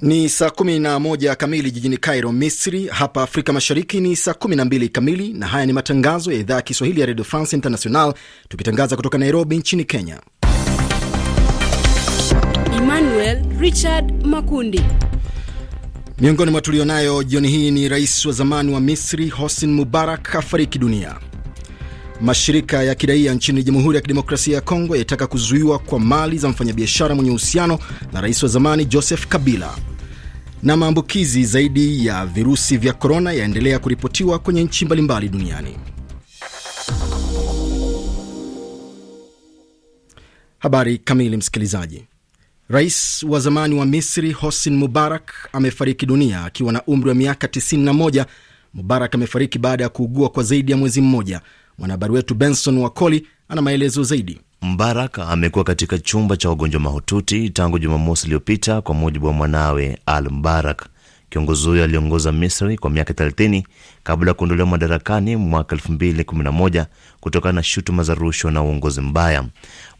Ni saa 11 kamili jijini Cairo, Misri. Hapa Afrika Mashariki ni saa 12 kamili, na haya ni matangazo ya idhaa ya Kiswahili ya Radio France International, tukitangaza kutoka Nairobi nchini Kenya. Emmanuel Richard Makundi. Miongoni mwa tulionayo jioni hii ni rais wa zamani wa Misri Hosni Mubarak afariki dunia. Mashirika ya kiraia nchini Jamhuri ya Kidemokrasia ya Kongo yataka kuzuiwa kwa mali za mfanyabiashara mwenye uhusiano na rais wa zamani Joseph Kabila. Na maambukizi zaidi ya virusi vya korona yaendelea kuripotiwa kwenye nchi mbalimbali duniani. Habari kamili, msikilizaji. Rais wa zamani wa Misri Hosni Mubarak amefariki dunia akiwa na umri wa miaka 91. Mubarak amefariki baada ya kuugua kwa zaidi ya mwezi mmoja. Mwanahabari wetu Benson Wakoli ana maelezo zaidi. Mbaraka amekuwa katika chumba cha wagonjwa mahututi tangu Jumamosi iliyopita kwa mujibu wa mwanawe Al Mbarak. Kiongozi huyo aliongoza Misri kwa miaka 30 kabla ya kuondolewa madarakani mwaka 2011 kutokana na shutuma za rushwa na uongozi mbaya.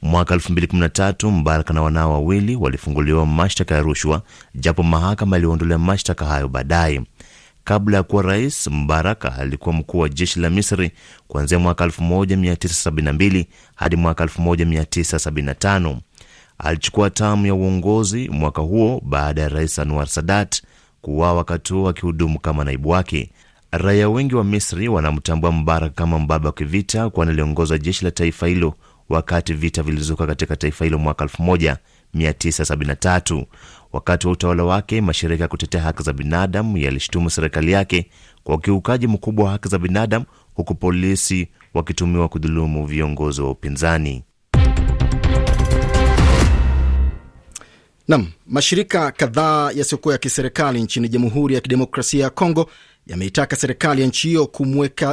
Mwaka 2013 Mbaraka na wanao wawili walifunguliwa mashtaka ya rushwa, japo mahakama iliondolea mashtaka hayo baadaye. Kabla ya kuwa rais, Mbaraka alikuwa mkuu wa jeshi la Misri kuanzia mwaka 1972 hadi mwaka 1975. Alichukua tamu ya uongozi mwaka huo baada ya rais Anwar Sadat kuwawa wakati huo akihudumu kama naibu wake. Raia wengi wa Misri wanamtambua Mbaraka kama mbaba wa kivita, kwani aliongoza jeshi la taifa hilo wakati vita vilizuka katika taifa hilo mwaka 1973. Wakati wa utawala wake, mashirika ya kutetea haki za binadamu yalishutumu serikali yake kwa ukiukaji mkubwa wa haki za binadamu, huku polisi wakitumiwa kudhulumu viongozi wa upinzani. Nam, mashirika kadhaa yasiyokuwa ya kiserikali nchini Jamhuri ya Kidemokrasia ya Kongo yameitaka serikali ya nchi hiyo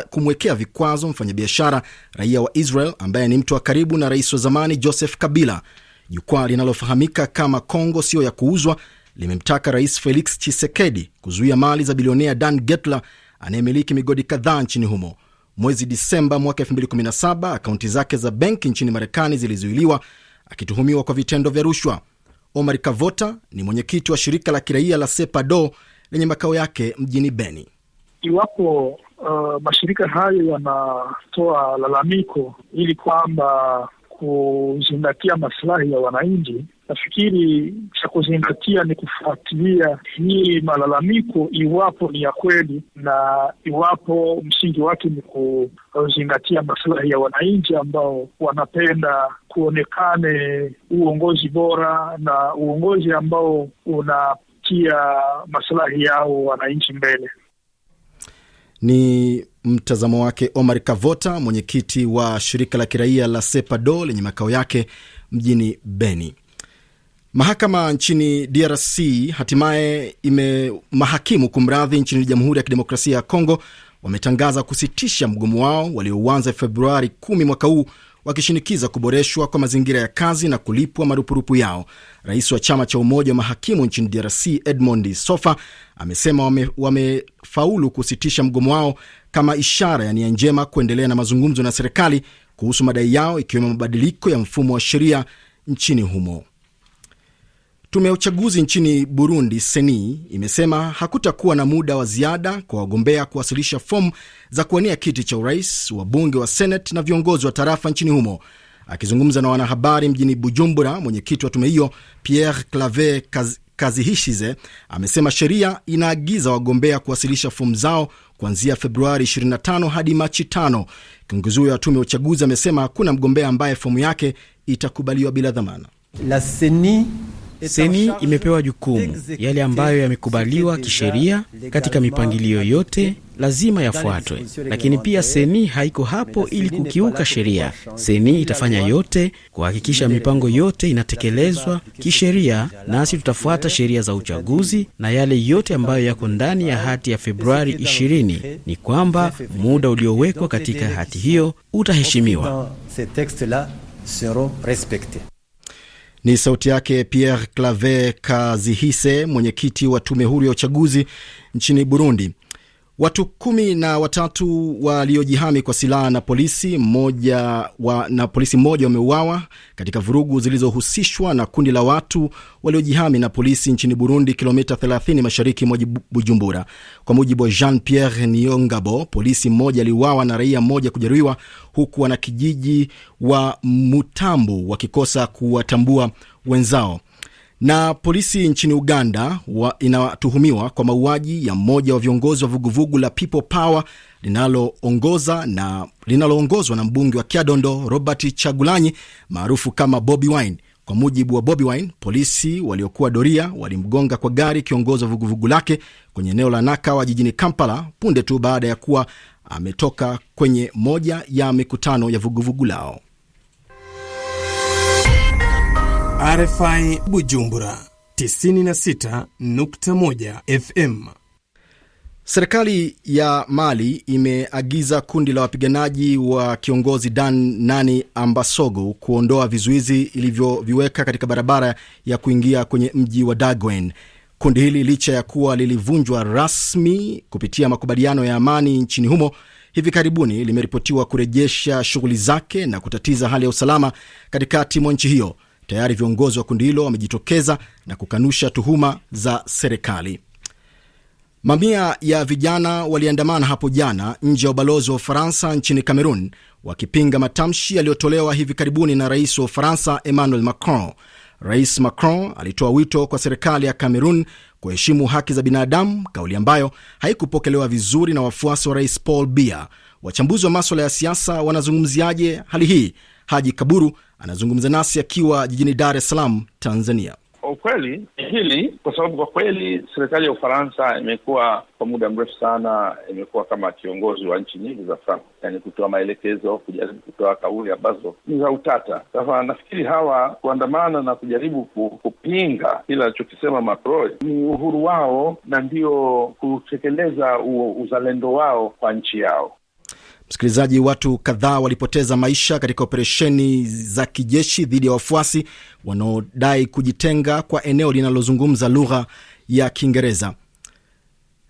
kumwekea vikwazo mfanyabiashara raia wa Israel ambaye ni mtu wa karibu na rais wa zamani Joseph Kabila. Jukwaa linalofahamika kama Kongo siyo ya kuuzwa limemtaka Rais Felix Tshisekedi kuzuia mali za bilionea Dan Getler anayemiliki migodi kadhaa nchini humo. Mwezi Disemba mwaka 2017 akaunti zake za benki nchini Marekani zilizuiliwa akituhumiwa kwa vitendo vya rushwa. Omar Kavota ni mwenyekiti wa shirika la kiraia la Sepado lenye makao yake mjini Beni. Iwapo uh, mashirika hayo yanatoa lalamiko ili kwamba kuzingatia maslahi ya wananchi, nafikiri cha kuzingatia ni kufuatilia hii malalamiko, iwapo ni ya kweli na iwapo msingi wake ni kuzingatia maslahi ya wananchi ambao wanapenda kuonekane uongozi bora na uongozi ambao unatia maslahi yao wananchi mbele. Ni mtazamo wake Omar Kavota, mwenyekiti wa shirika la kiraia la SEPADO lenye makao yake mjini Beni. Mahakama nchini DRC hatimaye imemahakimu kumradhi, nchini Jamhuri ya Kidemokrasia ya Kongo wametangaza kusitisha mgomo wao waliouanza Februari 10 mwaka huu wakishinikiza kuboreshwa kwa mazingira ya kazi na kulipwa marupurupu yao. Rais wa chama cha umoja wa mahakimu nchini DRC Edmond Sofa amesema wame, wame, walifaulu kusitisha mgomo wao kama ishara ya nia njema kuendelea na mazungumzo na serikali kuhusu madai yao ikiwemo mabadiliko ya mfumo wa sheria nchini humo. Tume ya uchaguzi nchini Burundi Seni imesema hakutakuwa na muda wa ziada kwa wagombea kuwasilisha fomu za kuwania kiti cha urais, wabunge wa seneti na viongozi wa tarafa nchini humo. Akizungumza na wanahabari mjini Bujumbura, mwenyekiti wa tume hiyo Pierre clave Kazihishize amesema sheria inaagiza wagombea kuwasilisha fomu zao kuanzia Februari 25 hadi Machi 5. Kiongozi huyo wa tume ya uchaguzi amesema hakuna mgombea ambaye fomu yake itakubaliwa bila dhamana. La seni Seni imepewa jukumu, yale ambayo yamekubaliwa kisheria katika mipangilio yote lazima yafuatwe, lakini pia Seni haiko hapo ili kukiuka sheria. Seni itafanya yote kuhakikisha mipango yote inatekelezwa kisheria, nasi tutafuata sheria za uchaguzi na yale yote ambayo yako ndani ya hati ya Februari 20. Ni kwamba muda uliowekwa katika hati hiyo utaheshimiwa. Ni sauti yake Pierre clave Kazihise, mwenyekiti wa tume huru ya uchaguzi nchini Burundi. Watu kumi na watatu waliojihami kwa silaha na polisi mmoja wa, na polisi mmoja wameuawa katika vurugu zilizohusishwa na kundi la watu waliojihami na polisi nchini Burundi, kilomita 30 mashariki mwa Bujumbura. Kwa mujibu wa Jean Pierre Niongabo, polisi mmoja aliuawa na raia mmoja kujeruhiwa, huku wanakijiji wa Mutambu wakikosa kuwatambua wenzao. Na polisi nchini Uganda wa inatuhumiwa kwa mauaji ya mmoja wa viongozi wa vuguvugu la People Power linaloongozwa na, linaloongozwa na mbunge wa Kyadondo Robert Chagulanyi maarufu kama Bobi Wine. Kwa mujibu wa Bobi Wine, polisi waliokuwa doria walimgonga kwa gari kiongozi wa vuguvugu lake kwenye eneo la Nakawa jijini Kampala punde tu baada ya kuwa ametoka kwenye moja ya mikutano ya vuguvugu lao. RFI Bujumbura 96.1 FM. Serikali ya Mali imeagiza kundi la wapiganaji wa kiongozi Dan Nani Ambasogo kuondoa vizuizi ilivyoviweka katika barabara ya kuingia kwenye mji wa Dagwen. Kundi hili licha ya kuwa lilivunjwa rasmi kupitia makubaliano ya amani nchini humo hivi karibuni, limeripotiwa kurejesha shughuli zake na kutatiza hali ya usalama katikati mwa nchi hiyo. Tayari viongozi wa kundi hilo wamejitokeza na kukanusha tuhuma za serikali. Mamia ya vijana waliandamana hapo jana nje ya ubalozi wa Ufaransa nchini cameron wakipinga matamshi yaliyotolewa hivi karibuni na rais wa Ufaransa Emmanuel Macron. Rais Macron alitoa wito kwa serikali ya cameron kuheshimu haki za binadamu, kauli ambayo haikupokelewa vizuri na wafuasi wa rais Paul Biya. Wachambuzi wa maswala ya siasa wanazungumziaje hali hii? Haji Kaburu anazungumza nasi akiwa jijini Dar es Salaam, Tanzania. Ukweli hili, kwa sababu kwa kweli serikali ya Ufaransa imekuwa kwa muda mrefu sana, imekuwa kama kiongozi wa nchi nyingi za fran yani kutoa maelekezo, kujaribu kutoa kauli ambazo ni za utata. Sasa nafikiri hawa kuandamana na kujaribu kupinga kile alichokisema Macron ni uhuru wao na ndio kutekeleza uzalendo wao kwa nchi yao. Msikilizaji, watu kadhaa walipoteza maisha katika operesheni za kijeshi dhidi ya wafuasi wanaodai kujitenga kwa eneo linalozungumza lugha ya Kiingereza.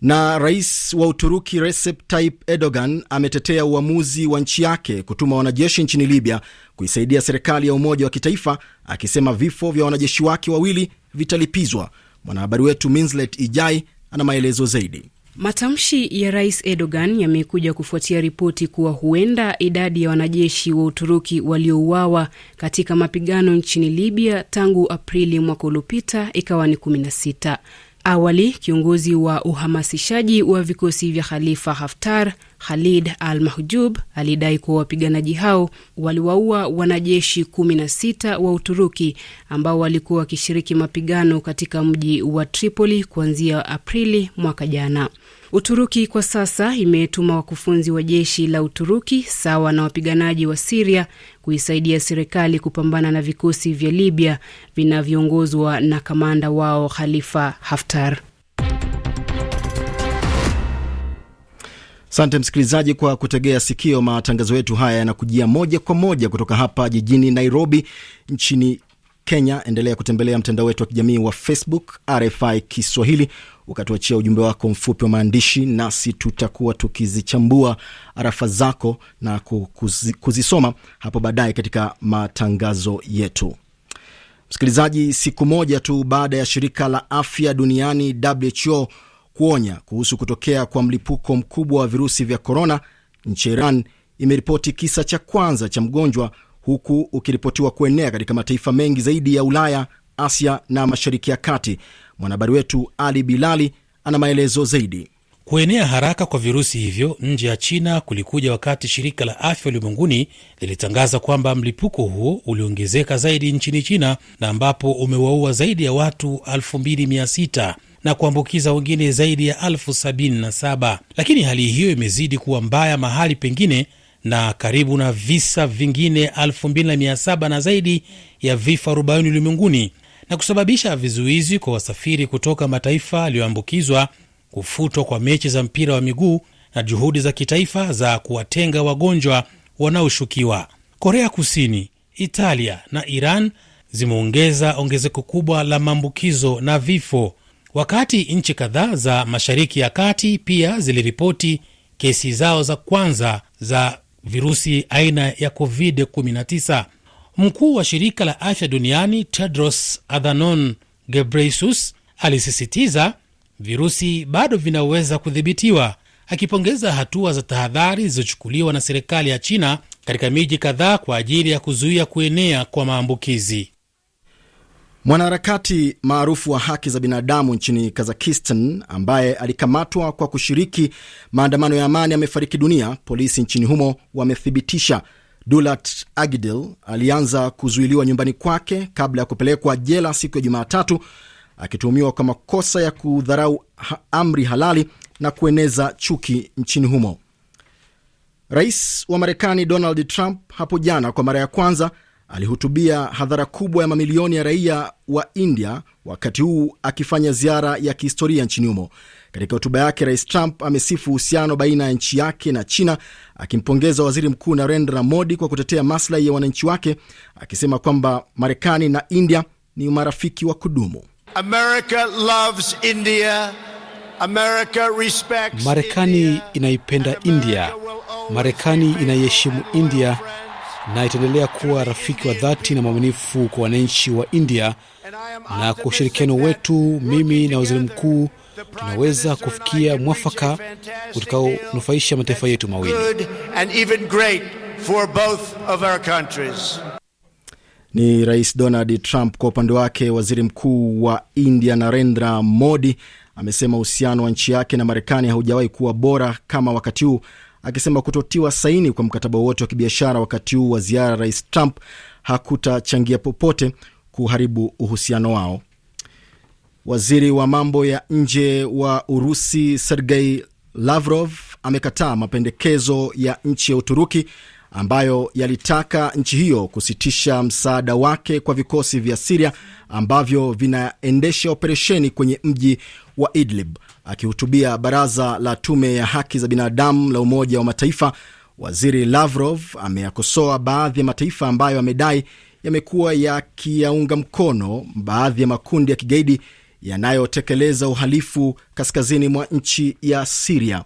Na rais wa Uturuki Recep Tayyip Erdogan ametetea uamuzi wa nchi yake kutuma wanajeshi nchini Libya kuisaidia serikali ya umoja wa kitaifa, akisema vifo vya wanajeshi wake wawili vitalipizwa. Mwanahabari wetu Minslet Ijai ana maelezo zaidi. Matamshi ya rais Erdogan yamekuja kufuatia ripoti kuwa huenda idadi ya wanajeshi wa Uturuki waliouawa katika mapigano nchini Libya tangu Aprili mwaka uliopita ikawa ni 16. Awali kiongozi wa uhamasishaji wa vikosi vya Khalifa Haftar Khalid Al Mahjub alidai kuwa wapiganaji hao waliwaua wanajeshi 16 wa Uturuki ambao walikuwa wakishiriki mapigano katika mji wa Tripoli kuanzia Aprili mwaka jana. Uturuki kwa sasa imetuma wakufunzi wa jeshi la Uturuki sawa na wapiganaji wa Siria kuisaidia serikali kupambana na vikosi vya Libya vinavyoongozwa na kamanda wao Khalifa Haftar. Asante msikilizaji kwa kutegea sikio. Matangazo yetu haya yanakujia moja kwa moja kutoka hapa jijini Nairobi nchini Kenya. Endelea kutembelea mtandao wetu wa kijamii wa Facebook RFI Kiswahili ukatuachia ujumbe wako mfupi wa maandishi, nasi tutakuwa tukizichambua arafa zako na kuzisoma hapo baadaye katika matangazo yetu. Msikilizaji, siku moja tu baada ya shirika la afya duniani WHO kuonya kuhusu kutokea kwa mlipuko mkubwa wa virusi vya korona, nchi ya Iran imeripoti kisa cha kwanza cha mgonjwa, huku ukiripotiwa kuenea katika mataifa mengi zaidi ya Ulaya, Asia na Mashariki ya Kati. Mwanahabari wetu Ali Bilali ana maelezo zaidi. Kuenea haraka kwa virusi hivyo nje ya China kulikuja wakati shirika la afya ulimwenguni lilitangaza kwamba mlipuko huo uliongezeka zaidi nchini China na ambapo umewaua zaidi ya watu 2600 na kuambukiza wengine zaidi ya 77 lakini hali hiyo imezidi kuwa mbaya mahali pengine na karibu na visa vingine 27 na zaidi ya vifo 40 ulimwenguni na kusababisha vizuizi kwa wasafiri kutoka mataifa yaliyoambukizwa, kufutwa kwa mechi za mpira wa miguu na juhudi za kitaifa za kuwatenga wagonjwa wanaoshukiwa. Korea Kusini, Italia na Iran zimeongeza ongezeko kubwa la maambukizo na vifo, wakati nchi kadhaa za Mashariki ya Kati pia ziliripoti kesi zao za kwanza za virusi aina ya COVID-19. Mkuu wa shirika la afya duniani Tedros Adhanom Ghebreyesus alisisitiza virusi bado vinaweza kudhibitiwa, akipongeza hatua za tahadhari zilizochukuliwa na serikali ya China katika miji kadhaa kwa ajili ya kuzuia kuenea kwa maambukizi. Mwanaharakati maarufu wa haki za binadamu nchini Kazakistan ambaye alikamatwa kwa kushiriki maandamano ya amani amefariki dunia, polisi nchini humo wamethibitisha. Dulat Agidel alianza kuzuiliwa nyumbani kwake kabla ya kupelekwa jela siku ya Jumatatu akituhumiwa kwa makosa ya kudharau amri halali na kueneza chuki nchini humo. Rais wa Marekani Donald Trump hapo jana kwa mara ya kwanza alihutubia hadhara kubwa ya mamilioni ya raia wa India, wakati huu akifanya ziara ya kihistoria nchini humo. Katika hotuba yake, Rais Trump amesifu uhusiano baina ya nchi yake na China, akimpongeza waziri mkuu Narendra Modi kwa kutetea maslahi ya wananchi wake, akisema kwamba Marekani na India ni marafiki wa kudumu. America loves India. America respects Marekani inaipenda India. Marekani inaiheshimu India na itaendelea kuwa rafiki wa dhati na mwaminifu kwa wananchi wa India. Na kwa ushirikiano wetu, mimi na waziri mkuu tunaweza kufikia mwafaka utakaonufaisha mataifa yetu mawili. Ni Rais Donald Trump. Kwa upande wake, waziri mkuu wa India Narendra Modi amesema uhusiano wa nchi yake na Marekani haujawahi kuwa bora kama wakati huu akisema kutotiwa saini kwa mkataba wote wa kibiashara wakati huu wa ziara ya Rais Trump hakutachangia popote kuharibu uhusiano wao. Waziri wa mambo ya nje wa Urusi Sergei Lavrov amekataa mapendekezo ya nchi ya Uturuki ambayo yalitaka nchi hiyo kusitisha msaada wake kwa vikosi vya Siria ambavyo vinaendesha operesheni kwenye mji wa Idlib. Akihutubia baraza la tume ya haki za binadamu la Umoja wa Mataifa, waziri Lavrov ameyakosoa baadhi ya mataifa ambayo amedai yamekuwa yakiyaunga mkono baadhi ya makundi ya kigaidi yanayotekeleza uhalifu kaskazini mwa nchi ya Siria.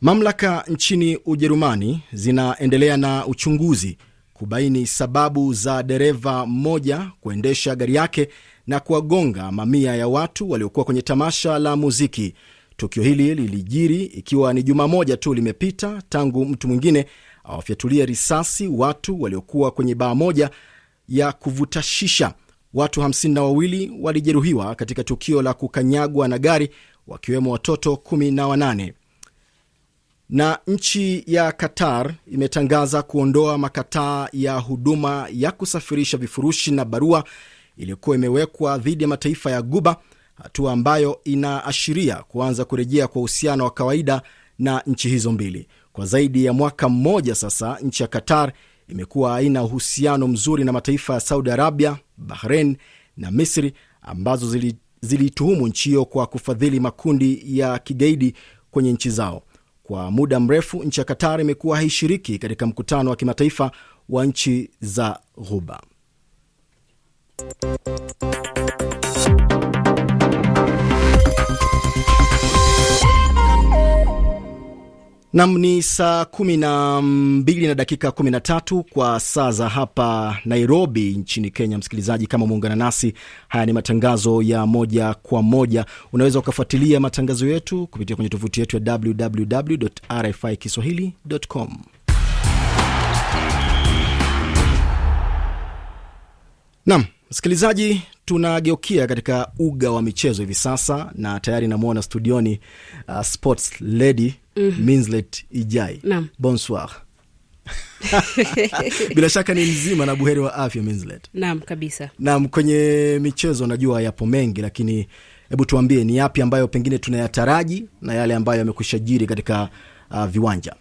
Mamlaka nchini Ujerumani zinaendelea na uchunguzi kubaini sababu za dereva mmoja kuendesha gari yake na kuwagonga mamia ya watu waliokuwa kwenye tamasha la muziki. Tukio hili lilijiri ikiwa ni juma moja tu limepita tangu mtu mwingine awafyatulie risasi watu waliokuwa kwenye baa moja ya kuvuta shisha. Watu hamsini na wawili walijeruhiwa katika tukio la kukanyagwa na gari, wakiwemo watoto kumi na wanane. Na nchi ya Qatar imetangaza kuondoa makataa ya huduma ya kusafirisha vifurushi na barua iliyokuwa imewekwa dhidi ya mataifa ya Guba, hatua ambayo inaashiria kuanza kurejea kwa uhusiano wa kawaida na nchi hizo mbili. Kwa zaidi ya mwaka mmoja sasa, nchi ya Qatar imekuwa haina uhusiano mzuri na mataifa ya Saudi Arabia, Bahrain na Misri ambazo zili ziliituhumu nchi hiyo kwa kufadhili makundi ya kigaidi kwenye nchi zao. Kwa muda mrefu, nchi ya Qatar imekuwa haishiriki katika mkutano wa kimataifa wa nchi za Ghuba. Nam ni saa kumi na mbili na dakika kumi na tatu kwa saa za hapa Nairobi nchini Kenya. Msikilizaji, kama umeungana nasi, haya ni matangazo ya moja kwa moja. Unaweza ukafuatilia matangazo yetu kupitia kwenye tovuti yetu ya www rfi kiswahili.com. Nam Msikilizaji, tunageukia katika uga wa michezo hivi sasa, na tayari namwona studioni uh, sports lady mm Minslet Ijai, bonsoir. bila shaka ni mzima na buheri wa afya Minslet. Naam, kabisa. Naam, kwenye michezo najua yapo mengi, lakini hebu tuambie ni yapi ambayo pengine tunayataraji na yale ambayo jiri katika uh, viwanja.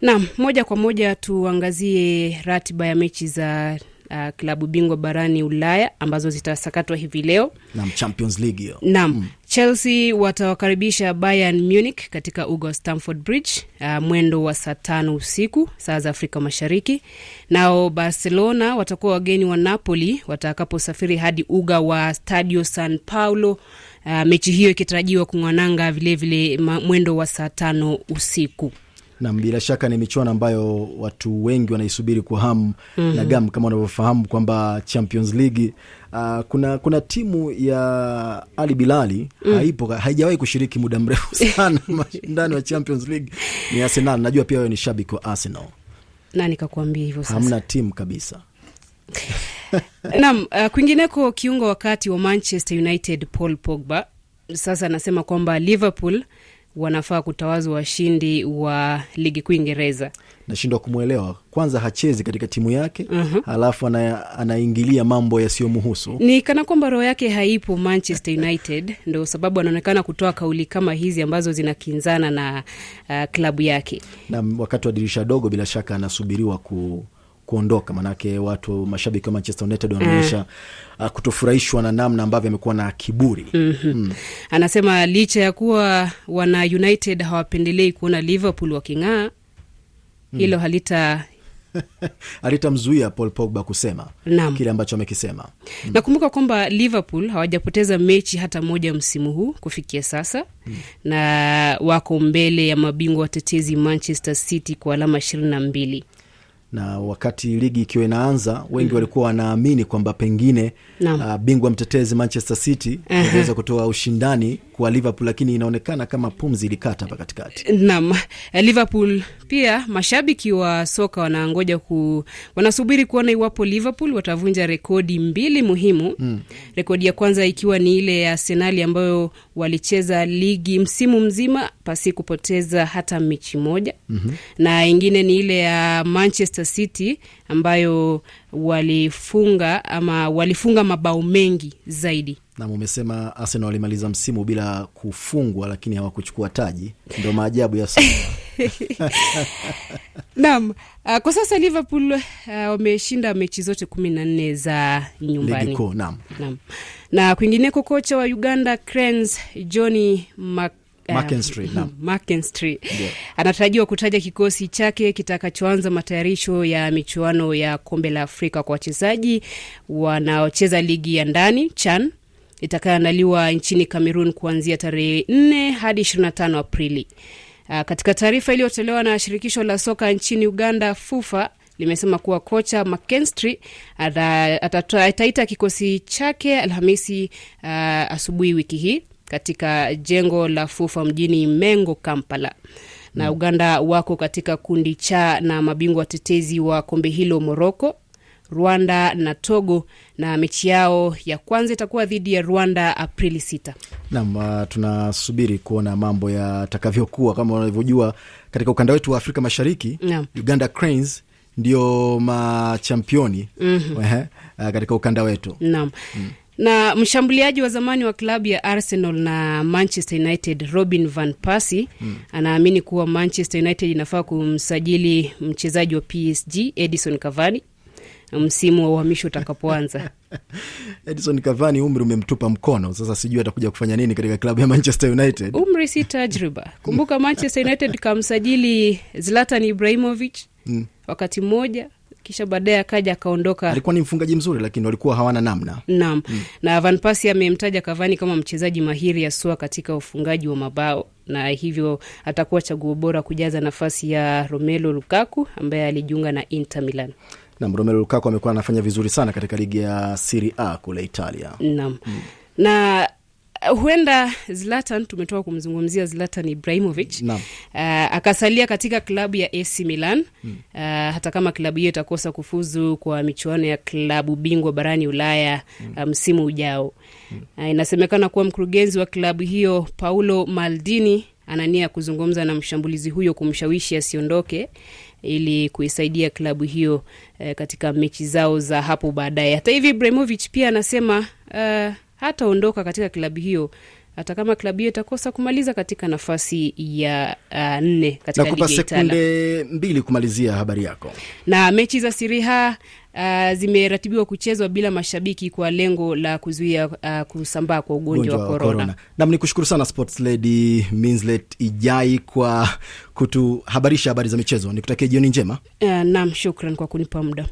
Naam, moja kwa moja tuangazie ratiba ya mechi za uh, klabu bingwa barani Ulaya ambazo zitasakatwa hivi leo nam Champions League hiyo mm. Chelsea watawakaribisha Bayern Munich katika uga wa Stamford Bridge uh, mwendo wa saa tano usiku saa za Afrika Mashariki. Nao Barcelona watakuwa wageni wa Napoli watakaposafiri hadi uga wa Stadio San Paulo. Uh, mechi hiyo ikitarajiwa kung'wananga vilevile mwendo wa saa tano usiku. Nam, bila shaka ni michuano ambayo watu wengi wanaisubiri kwa hamu mm. na mhm. gamu, kama unavyofahamu kwamba Champions League uh, kuna, kuna timu ya Ali Bilali mm. haipo, haijawahi kushiriki muda mrefu sana mashindani wa Champions League ni Arsenal. Najua pia wewe ni shabiki wa Arsenal na nikakuambia hivyo sasa, hamna timu kabisa Nam, uh, ah, kwingineko kiungo wakati wa Manchester United Paul Pogba sasa anasema kwamba Liverpool wanafaa kutawazwa washindi wa ligi kuu Ingereza. Nashindwa kumwelewa kwanza, hachezi katika timu yake uh-huh. Halafu ana, anaingilia mambo yasiyomuhusu ni kana kwamba roho yake haipo Manchester United. Ndo sababu anaonekana kutoa kauli kama hizi ambazo zinakinzana na uh, klabu yake, na wakati wa dirisha dogo bila shaka anasubiriwa ku kuondoka, manake watu mashabiki wa Manchester United eh. wanaonyesha mm. kutofurahishwa na namna ambavyo amekuwa na kiburi mm -hmm. mm. Anasema licha ya kuwa wana United hawapendelei kuona Liverpool waking'aa, mm. hilo mm. halita alitamzuia Paul Pogba kusema Naam. kile ambacho amekisema. Mm. Nakumbuka kwamba Liverpool hawajapoteza mechi hata moja msimu huu kufikia sasa mm. na wako mbele ya mabingwa watetezi Manchester City kwa alama ishirini na mbili na wakati ligi ikiwa inaanza wengi mm-hmm. walikuwa wanaamini kwamba pengine uh, bingwa mtetezi Manchester City angeweza kutoa ushindani kwa Liverpool, lakini inaonekana kama pumzi ilikata hapa katikati. nam eh, Liverpool pia mashabiki wa soka wanangoja ku, wanasubiri kuona iwapo Liverpool watavunja rekodi mbili muhimu mm. Rekodi ya kwanza ikiwa ni ile ya senali ambayo walicheza ligi msimu mzima pasi kupoteza hata michi moja mm -hmm. na ingine ni ile ya Manchester Manchester City ambayo walifunga ama walifunga mabao mengi zaidi. Nam, umesema Arsenal walimaliza msimu bila kufungwa, lakini hawakuchukua taji. Ndo maajabu ya soka nam. Uh, kwa sasa Liverpool uh, wameshinda mechi zote kumi na nne za nyumbani nam. Na kwingineko, kocha wa Uganda Cranes Johnny Mac Um, Anatarajiwa kutaja kikosi chake kitakachoanza matayarisho ya michuano ya kombe la Afrika kwa wachezaji wanaocheza ligi ya ndani CHAN itakayoandaliwa nchini cameron kuanzia tarehe 4 hadi 25 Aprili. Uh, katika taarifa iliyotolewa na shirikisho la soka nchini Uganda FUFA limesema kuwa kocha mcenstry ataita kikosi chake Alhamisi uh, asubuhi wiki hii katika jengo la Fufa mjini Mengo, Kampala na mm. Uganda wako katika kundi cha na mabingwa watetezi wa kombe hilo Moroko, Rwanda na Togo, na mechi yao ya kwanza itakuwa dhidi ya Rwanda Aprili nam uh, tunasubiri kuona mambo yatakavyokuwa. Kama unavyojua katika ukanda wetu wa Afrika Mashariki na Uganda Cranes ndio machampioni mm -hmm. katika ukanda wetu naam mm. Na mshambuliaji wa zamani wa klabu ya Arsenal na Manchester United Robin van Persie mm, anaamini kuwa Manchester United inafaa kumsajili mchezaji wa PSG Edison Cavani msimu wa uhamisho utakapoanza. Edison Cavani, umri umemtupa mkono sasa, sijui atakuja kufanya nini katika klabu ya Manchester United. Umri si tajriba. Kumbuka Manchester United kamsajili Zlatan ibrahimovich mm, wakati mmoja kisha baadaye akaja akaondoka. Alikuwa ni mfungaji mzuri, lakini walikuwa hawana namna. nam mm. na Van Persie amemtaja Cavani kama mchezaji mahiri haswa katika ufungaji wa mabao na hivyo atakuwa chaguo bora kujaza nafasi ya Romelu Lukaku ambaye alijiunga na Inter Milan. Nam, Romelu Lukaku amekuwa anafanya vizuri sana katika ligi ya Serie A kule Italia. nam mm. na huenda Zlatan, tumetoka kumzungumzia Zlatan Ibrahimovic uh, akasalia katika klabu ya AC Milan hmm. Uh, hata kama klabu hiyo itakosa kufuzu kwa michuano ya klabu bingwa barani Ulaya hmm. eh, msimu um, ujao hmm. Uh, inasemekana kuwa mkurugenzi wa klabu hiyo Paulo Maldini anania ya kuzungumza na mshambulizi huyo kumshawishi asiondoke ili kuisaidia klabu hiyo uh, katika mechi zao za hapo baadaye. Hata hivi Ibrahimovic pia anasema uh, hataondoka katika klabu hiyo hata kama klabu hiyo itakosa kumaliza katika nafasi ya uh, nne katika ligi ya Italia. Sekunde mbili kumalizia habari yako. Na mechi za siriha uh, zimeratibiwa kuchezwa bila mashabiki kwa lengo la kuzuia uh, kusambaa kwa ugonjwa wa korona. Nam ni kushukuru sana sports lady Minslet Ijai kwa kutuhabarisha habari za michezo. Nikutakia jioni njema. Uh, nam shukran kwa kunipa muda.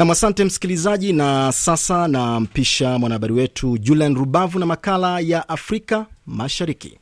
Nam, asante msikilizaji, na sasa nampisha mwanahabari wetu Julian Rubavu na makala ya Afrika Mashariki.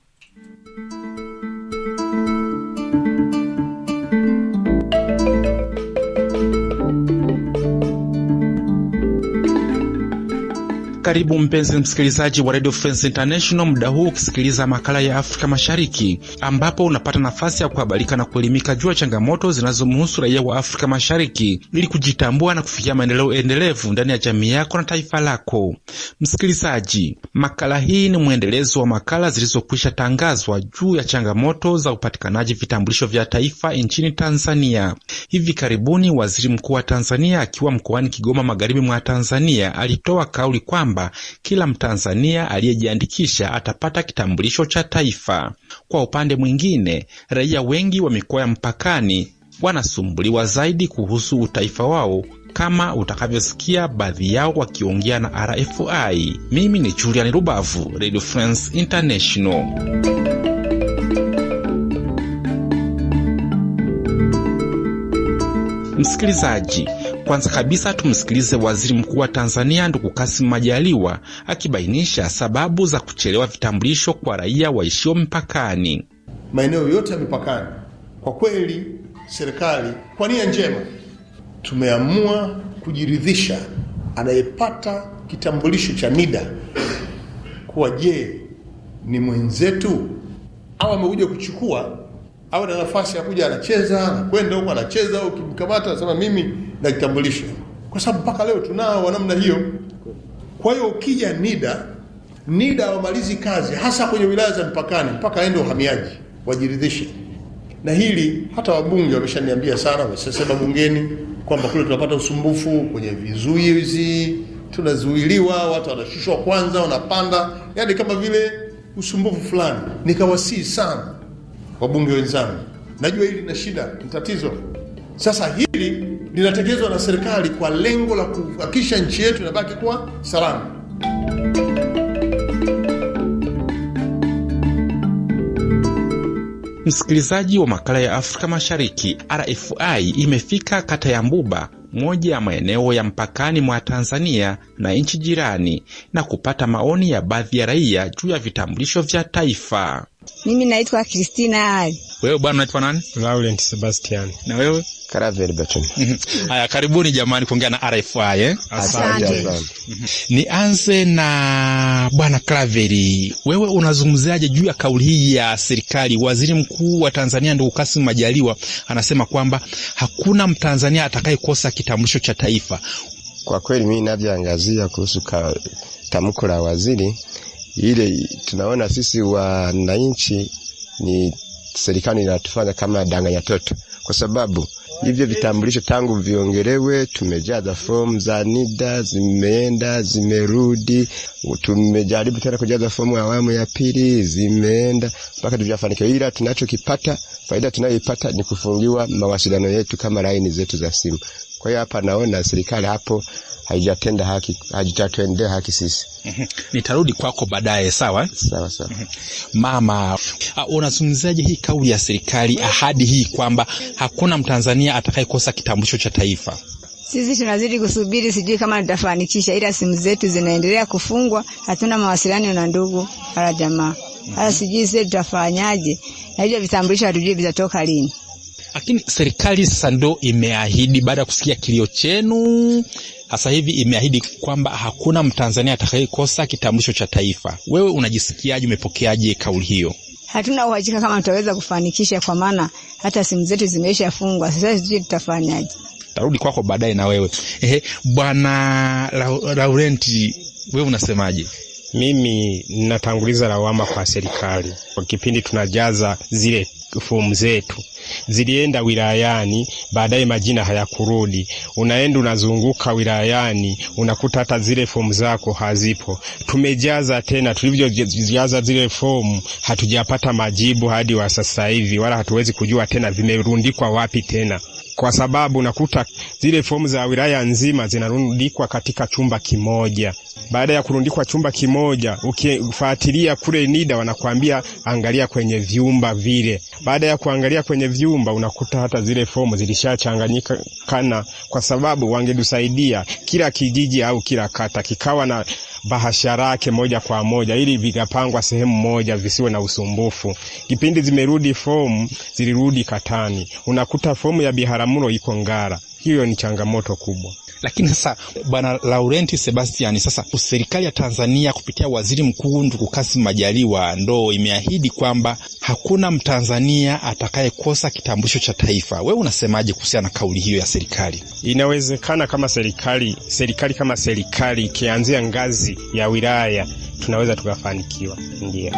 Karibu mpenzi msikilizaji wa Radio France International, muda huu ukisikiliza makala ya Afrika Mashariki, ambapo unapata nafasi ya kuhabarika na kuelimika juu ya changamoto zinazomhusu raia wa Afrika Mashariki ili kujitambua na kufikia maendeleo endelevu ndani ya jamii yako na taifa lako. Msikilizaji, makala hii ni mwendelezo wa makala zilizokwisha tangazwa juu ya changamoto za upatikanaji vitambulisho vya taifa nchini Tanzania. Hivi karibuni, waziri mkuu wa Tanzania akiwa mkoani Kigoma, magharibi mwa Tanzania, alitoa kauli kwamba kwamba kila Mtanzania aliyejiandikisha atapata kitambulisho cha taifa. Kwa upande mwingine, raia wengi wa mikoa ya mpakani wanasumbuliwa zaidi kuhusu utaifa wao kama utakavyosikia baadhi yao wakiongea na RFI. Mimi ni Julian Rubavu, Radio France International. Msikilizaji, kwanza kabisa tumsikilize Waziri Mkuu wa Tanzania Ndugu Kassim Majaliwa akibainisha sababu za kuchelewa vitambulisho kwa raia waishio mpakani Maeneo yote ya mipakani, kwa kweli serikali kwa nia njema tumeamua kujiridhisha anayepata kitambulisho cha NIDA kuwa je, ni mwenzetu au amekuja kuchukua awe na nafasi ya kuja anacheza, anakwenda huko anacheza, ukimkamata anasema mimi na kitambulisho, kwa sababu mpaka leo tunao wa namna hiyo. Kwa hiyo ukija NIDA, NIDA hawamalizi kazi, hasa kwenye wilaya za mpakani, mpaka aende uhamiaji wajiridhishe na hili. Hata wabunge wameshaniambia sana, wamesema bungeni kwamba kule tunapata usumbufu kwenye vizuizi, tunazuiliwa, watu wanashushwa kwanza, wanapanda, yani kama vile usumbufu fulani. Nikawasihi sana wabunge wenzangu, najua hili lina shida, ni tatizo. Sasa hili linatekelezwa na serikali kwa lengo la kuhakikisha nchi yetu inabaki kuwa salama. Msikilizaji wa makala ya Afrika Mashariki, RFI imefika kata ya Mbuba, moja ya maeneo ya mpakani mwa Tanzania na nchi jirani, na kupata maoni ya baadhi ya raia juu ya vitambulisho vya taifa. Mimi naitwa Kristina Ali. Wewe bwana unaitwa nani? Laurent Sebastian. Na wewe? Karaveri Bertrand. Haya, karibuni jamani kuongea na RFI eh? Asante. Mhm. Nianze na bwana Karaveri. Wewe unazungumziaje juu ya kauli hii ya serikali? Waziri Mkuu wa Tanzania ndugu Kassim Majaliwa anasema kwamba hakuna Mtanzania atakayekosa kitambulisho cha taifa. Kwa kweli mimi ninavyoangazia kuhusu ka, tamko la waziri ile tunaona sisi wananchi ni serikali inatufanya kama danganya toto, kwa sababu hivyo vitambulisho tangu viongelewe, tumejaza fomu za NIDA zimeenda zimerudi, tumejaribu tena kujaza fomu awamu ya pili zimeenda, mpaka tuvyafanikiwa, Ila tunachokipata faida tunayoipata ni kufungiwa mawasiliano yetu kama laini zetu za simu. Kwa hiyo hapa naona serikali hapo haijatenda haki, haijatendea haki sisi. Nitarudi kwako baadaye, sawa sawa sawa. Mama, unazungumziaje hii kauli ya serikali, ahadi hii kwamba hakuna Mtanzania atakayekosa kitambulisho cha taifa? Sisi tunazidi kusubiri, sijui kama tutafanikisha, ila simu zetu zinaendelea kufungwa, hatuna mawasiliano na ndugu wala jamaa. Sasa sijui sisi tutafanyaje, na hivyo vitambulisho hatujui vitatoka lini. Lakini serikali sasa ndo imeahidi baada ya kusikia kilio chenu sasa hivi imeahidi kwamba hakuna Mtanzania atakayekosa kitambulisho cha taifa. Wewe unajisikiaje? Umepokeaje kauli hiyo? Hatuna uhakika kama tutaweza kufanikisha, kwa maana hata simu zetu fungwa Sasa sijui tutafanyaje. Tarudi kwako baadaye na wewe. Ehe, Bwana Laurenti, wewe unasemaje? Mimi ninatanguliza lawama kwa serikali kwa kipindi tunajaza zile fomu zetu zilienda wilayani, baadaye majina hayakurudi. Unaenda unazunguka wilayani, unakuta hata zile fomu zako hazipo. Tumejaza tena, tulivyojaza zile fomu hatujapata majibu hadi wa sasa hivi, wala hatuwezi kujua tena vimerundikwa wapi tena kwa sababu unakuta zile fomu za wilaya nzima zinarundikwa katika chumba kimoja. Baada ya kurundikwa chumba kimoja, ukifuatilia kule NIDA wanakuambia angalia kwenye vyumba vile. Baada ya kuangalia kwenye vyumba, unakuta hata zile fomu zilishachanganyikana, kwa sababu wangetusaidia kila kijiji au kila kata kikawa na bahashara yake moja kwa moja, ili vikapangwa sehemu moja, visiwe na usumbufu. Kipindi zimerudi fomu, zilirudi katani, unakuta fomu ya Biharamulo iko Ngara hiyo ni changamoto kubwa. Lakini sasa Bwana Laurenti Sebastiani, sasa serikali ya Tanzania kupitia waziri mkuu ndugu Kassim Majaliwa ndo imeahidi kwamba hakuna Mtanzania atakayekosa kitambulisho cha taifa. Wewe unasemaje kuhusiana na kauli hiyo ya serikali? Inawezekana kama serikali serikali kama serikali ikianzia ngazi ya wilaya tunaweza tukafanikiwa, ndio.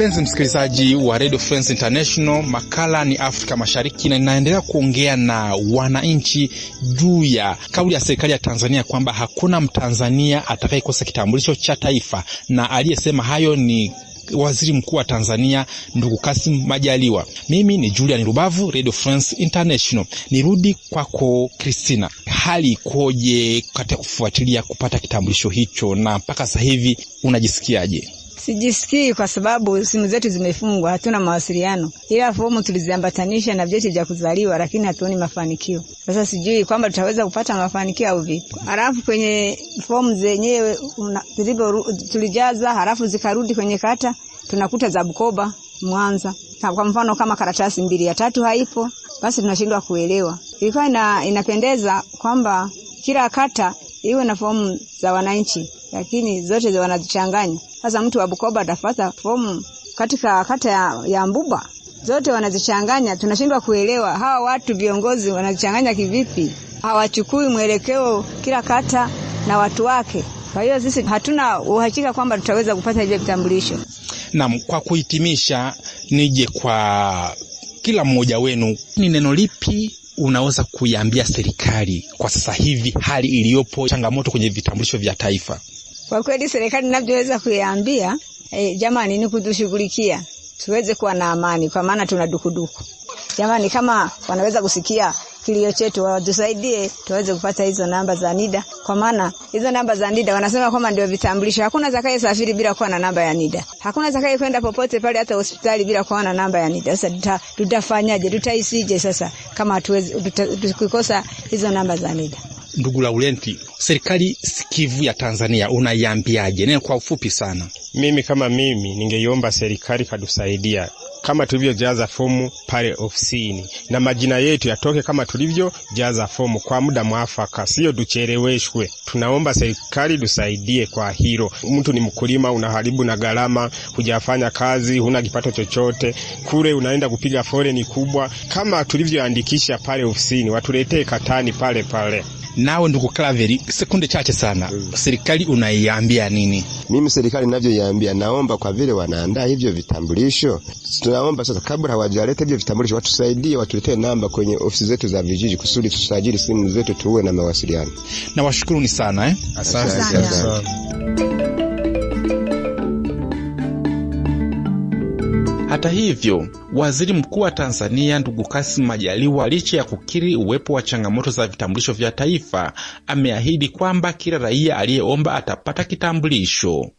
Mpenzi msikilizaji wa Radio France International, makala ni Afrika Mashariki na inaendelea kuongea na wananchi juu ya kauli ya serikali ya Tanzania kwamba hakuna Mtanzania atakayekosa kitambulisho cha taifa, na aliyesema hayo ni Waziri Mkuu wa Tanzania ndugu Kasim Majaliwa. Mimi ni Julian Rubavu, Radio France International. Nirudi kwako Christina, hali ikoje ya kufuatilia kupata kitambulisho hicho na mpaka sasa hivi unajisikiaje? Sijisikii kwa sababu simu zetu zimefungwa, hatuna mawasiliano, ila fomu tuliziambatanisha na vyeti vya kuzaliwa, lakini hatuoni mafanikio. Sasa sijui kwamba tutaweza kupata mafanikio au vipi. Halafu kwenye fomu zenyewe tulijaza, halafu zikarudi kwenye kata, tunakuta za Bukoba, Mwanza. Kwa mfano kama karatasi mbili, ya tatu haipo, basi tunashindwa kuelewa. Ilikuwa ina, inapendeza kwamba kila kata iwe na fomu za wananchi, lakini zote wanazichanganya. Sasa mtu wa Bukoba atafuata fomu katika kata ya, ya Mbuba zote wanazichanganya, tunashindwa kuelewa hawa watu viongozi wanazichanganya kivipi? Hawachukui mwelekeo kila kata na watu wake. Kwa hiyo sisi hatuna uhakika kwamba tutaweza kupata hivyo vitambulisho. Naam, kwa kuhitimisha, nije kwa kila mmoja wenu, ni neno lipi unaweza kuiambia serikali kwa sasa hivi, hali iliyopo, changamoto kwenye vitambulisho vya taifa? Kwa kweli serikali inavyoweza kuiambia eh, jamani ni kutushughulikia tuweze kuwa na amani, kwa maana tuna dukuduku. Jamani, kama wanaweza kusikia kilio chetu watusaidie, tuweze kupata hizo namba za NIDA, kwa maana hizo namba za NIDA wanasema kwamba ndio vitambulisho. Hakuna zakaye safiri bila kuwa na namba ya NIDA, hakuna zakaye kwenda popote pale, hata hospitali bila kuwa na namba ya NIDA. Sasa tuta, tutafanyaje? Tutaisije sasa kama hatuwezi tukikosa hizo namba za NIDA? Ndugu Laurenti, serikali sikivu ya Tanzania unaiambiaje? Nene kwa ufupi sana. Mimi kama mimi ningeiomba serikali katusaidia kama tulivyojaza fomu pale ofisini na majina yetu yatoke kama tulivyojaza fomu kwa muda mwafaka, sio tucheleweshwe. Tunaomba serikali tusaidie kwa hilo. Mtu ni mkulima, unaharibu na gharama, hujafanya kazi, huna kipato chochote, kule unaenda kupiga foreni kubwa. Kama tulivyoandikisha pale ofisini, watuletee katani pale pale. Nawe ndugu Claveri, sekunde chache sana mm. Serikali unaiambia nini? Mimi serikali ninavyoiambia, naomba kwa vile wanaandaa hivyo vitambulisho, tunaomba sasa, kabla hawajaleta hivyo vitambulisho, watusaidie, watuletee namba kwenye ofisi zetu za vijiji kusudi tusajili simu zetu, tuwe na mawasiliano. Nawashukuruni sana eh? Asante. Hata hivyo, waziri mkuu wa Tanzania ndugu Kassim Majaliwa, licha ya kukiri uwepo wa changamoto za vitambulisho vya taifa, ameahidi kwamba kila raia aliyeomba atapata kitambulisho.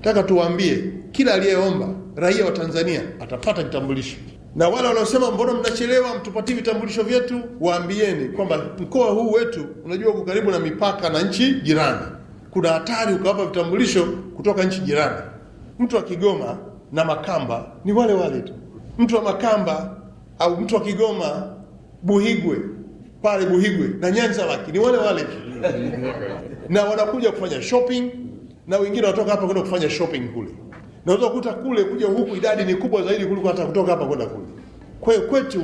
taka tuwaambie kila aliyeomba, raia wa Tanzania atapata kitambulisho na wale wanaosema mbona mnachelewa mtupatie vitambulisho vyetu, waambieni kwamba mkoa huu wetu, unajua, uko karibu na mipaka na nchi jirani. Kuna hatari ukawapa vitambulisho kutoka nchi jirani. Mtu wa Kigoma na Makamba ni wale wale tu. Mtu wa Makamba au mtu wa Kigoma, Buhigwe pale Buhigwe na Nyanza Laki ni wale wale tu na wanakuja kufanya shopping na wengine wanatoka hapa kwenda kufanya shopping kule, na unaweza kukuta kule kuja huku idadi ni kubwa zaidi kuliko hata kutoka hapa kwenda kule. Kwa hiyo kwetu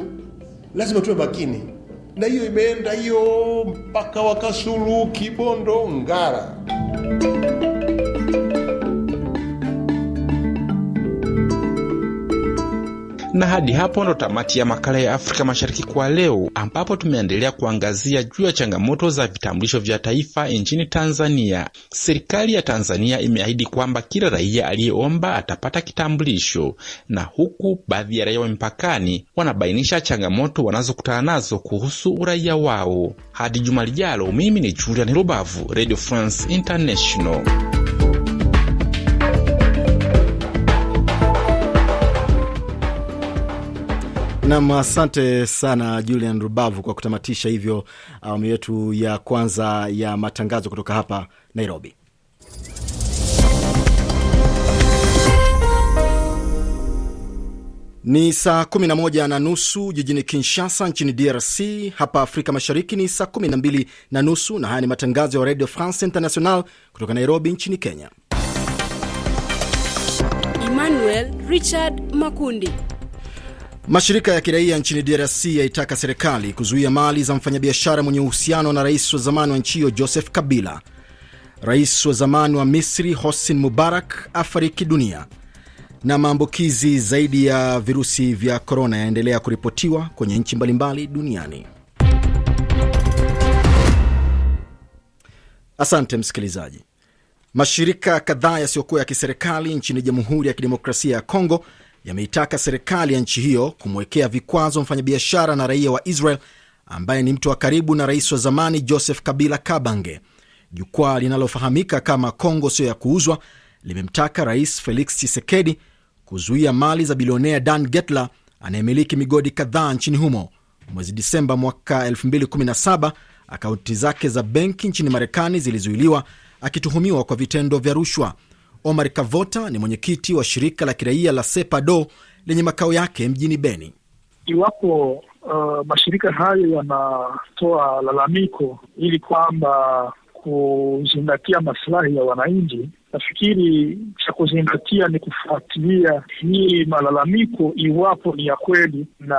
lazima tuwe makini na hiyo, imeenda hiyo mpaka wa Kasulu, Kibondo, Ngara. Na hadi hapo ndo tamati ya makala ya Afrika Mashariki kwa leo, ambapo tumeendelea kuangazia juu ya changamoto za vitambulisho vya taifa nchini Tanzania. Serikali ya Tanzania imeahidi kwamba kila raia aliyeomba atapata kitambulisho, na huku baadhi ya raia wa wanabainisha changamoto wanazokutana nazo kuhusu uraia wao. Hadi juma lijalo, mimi ni Julian Rubavu, Radio France International. Nam, asante sana Julian Rubavu kwa kutamatisha hivyo awamu um, yetu ya kwanza ya matangazo kutoka hapa Nairobi. Ni saa 11 na nusu jijini Kinshasa nchini DRC. Hapa Afrika Mashariki ni saa 12 na nusu, na haya ni matangazo ya Radio France International kutoka Nairobi nchini Kenya. Emmanuel Richard Makundi. Mashirika ya kiraia nchini DRC yaitaka serikali kuzuia mali za mfanyabiashara mwenye uhusiano na rais wa zamani wa nchi hiyo Joseph Kabila. Rais wa zamani wa Misri hosin Mubarak afariki dunia. Na maambukizi zaidi ya virusi vya korona yaendelea kuripotiwa kwenye nchi mbalimbali duniani. Asante msikilizaji. Mashirika kadhaa yasiyokuwa ya kiserikali nchini Jamhuri ya Kidemokrasia ya Kongo yameitaka serikali ya nchi hiyo kumwekea vikwazo mfanyabiashara na raia wa Israel ambaye ni mtu wa karibu na rais wa zamani Joseph Kabila Kabange. Jukwaa linalofahamika kama Kongo sio ya kuuzwa limemtaka Rais Felix Tshisekedi kuzuia mali za bilionea Dan Getler anayemiliki migodi kadhaa nchini humo. Mwezi Disemba mwaka 2017 akaunti zake za benki nchini Marekani zilizuiliwa akituhumiwa kwa vitendo vya rushwa. Omar Kavota ni mwenyekiti wa shirika la kiraia la Sepado lenye makao yake mjini Beni. Iwapo uh, mashirika hayo yanatoa lalamiko ili kwamba kuzingatia masilahi ya wananchi Nafikiri cha kuzingatia ni kufuatilia hii malalamiko, iwapo ni ya kweli na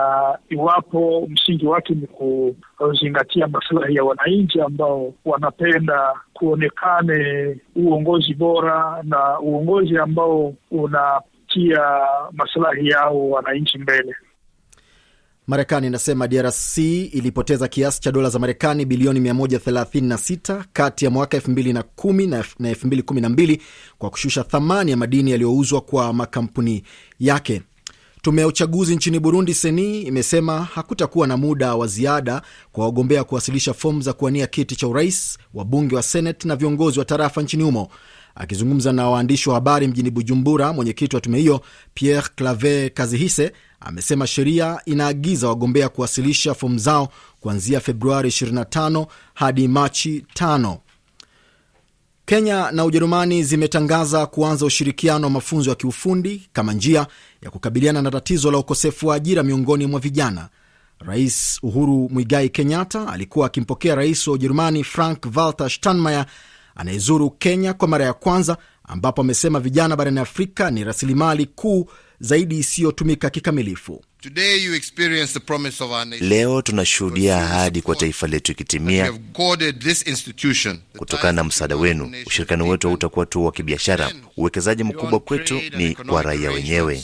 iwapo msingi wake ni kuzingatia masilahi ya wananchi ambao wanapenda kuonekane uongozi bora na uongozi ambao unatia masilahi yao wananchi mbele. Marekani inasema DRC ilipoteza kiasi cha dola za Marekani bilioni 136 kati ya mwaka 2010 na 2012 kwa kushusha thamani ya madini yaliyouzwa kwa makampuni yake. Tume ya uchaguzi nchini Burundi, Seni, imesema hakutakuwa na muda wa ziada kwa wagombea kuwasilisha fomu za kuwania kiti cha urais, wabunge wa seneti na viongozi wa tarafa nchini humo. Akizungumza na waandishi wa habari mjini Bujumbura, mwenyekiti wa tume hiyo Pierre clave Kazihise amesema sheria inaagiza wagombea kuwasilisha fomu zao kuanzia Februari 25 hadi Machi 5. Kenya na Ujerumani zimetangaza kuanza ushirikiano wa mafunzo ya kiufundi kama njia ya kukabiliana na tatizo la ukosefu wa ajira miongoni mwa vijana. Rais Uhuru Muigai Kenyatta alikuwa akimpokea rais wa Ujerumani Frank Walter Steinmeier anayezuru Kenya kwa mara ya kwanza, ambapo amesema vijana barani Afrika ni rasilimali kuu zaidi isiyotumika kikamilifu. Leo tunashuhudia ahadi kwa taifa letu ikitimia. Kutokana na msaada wenu, ushirikiano wetu hautakuwa tu wa kibiashara. Uwekezaji mkubwa kwetu ni kwa raia wenyewe.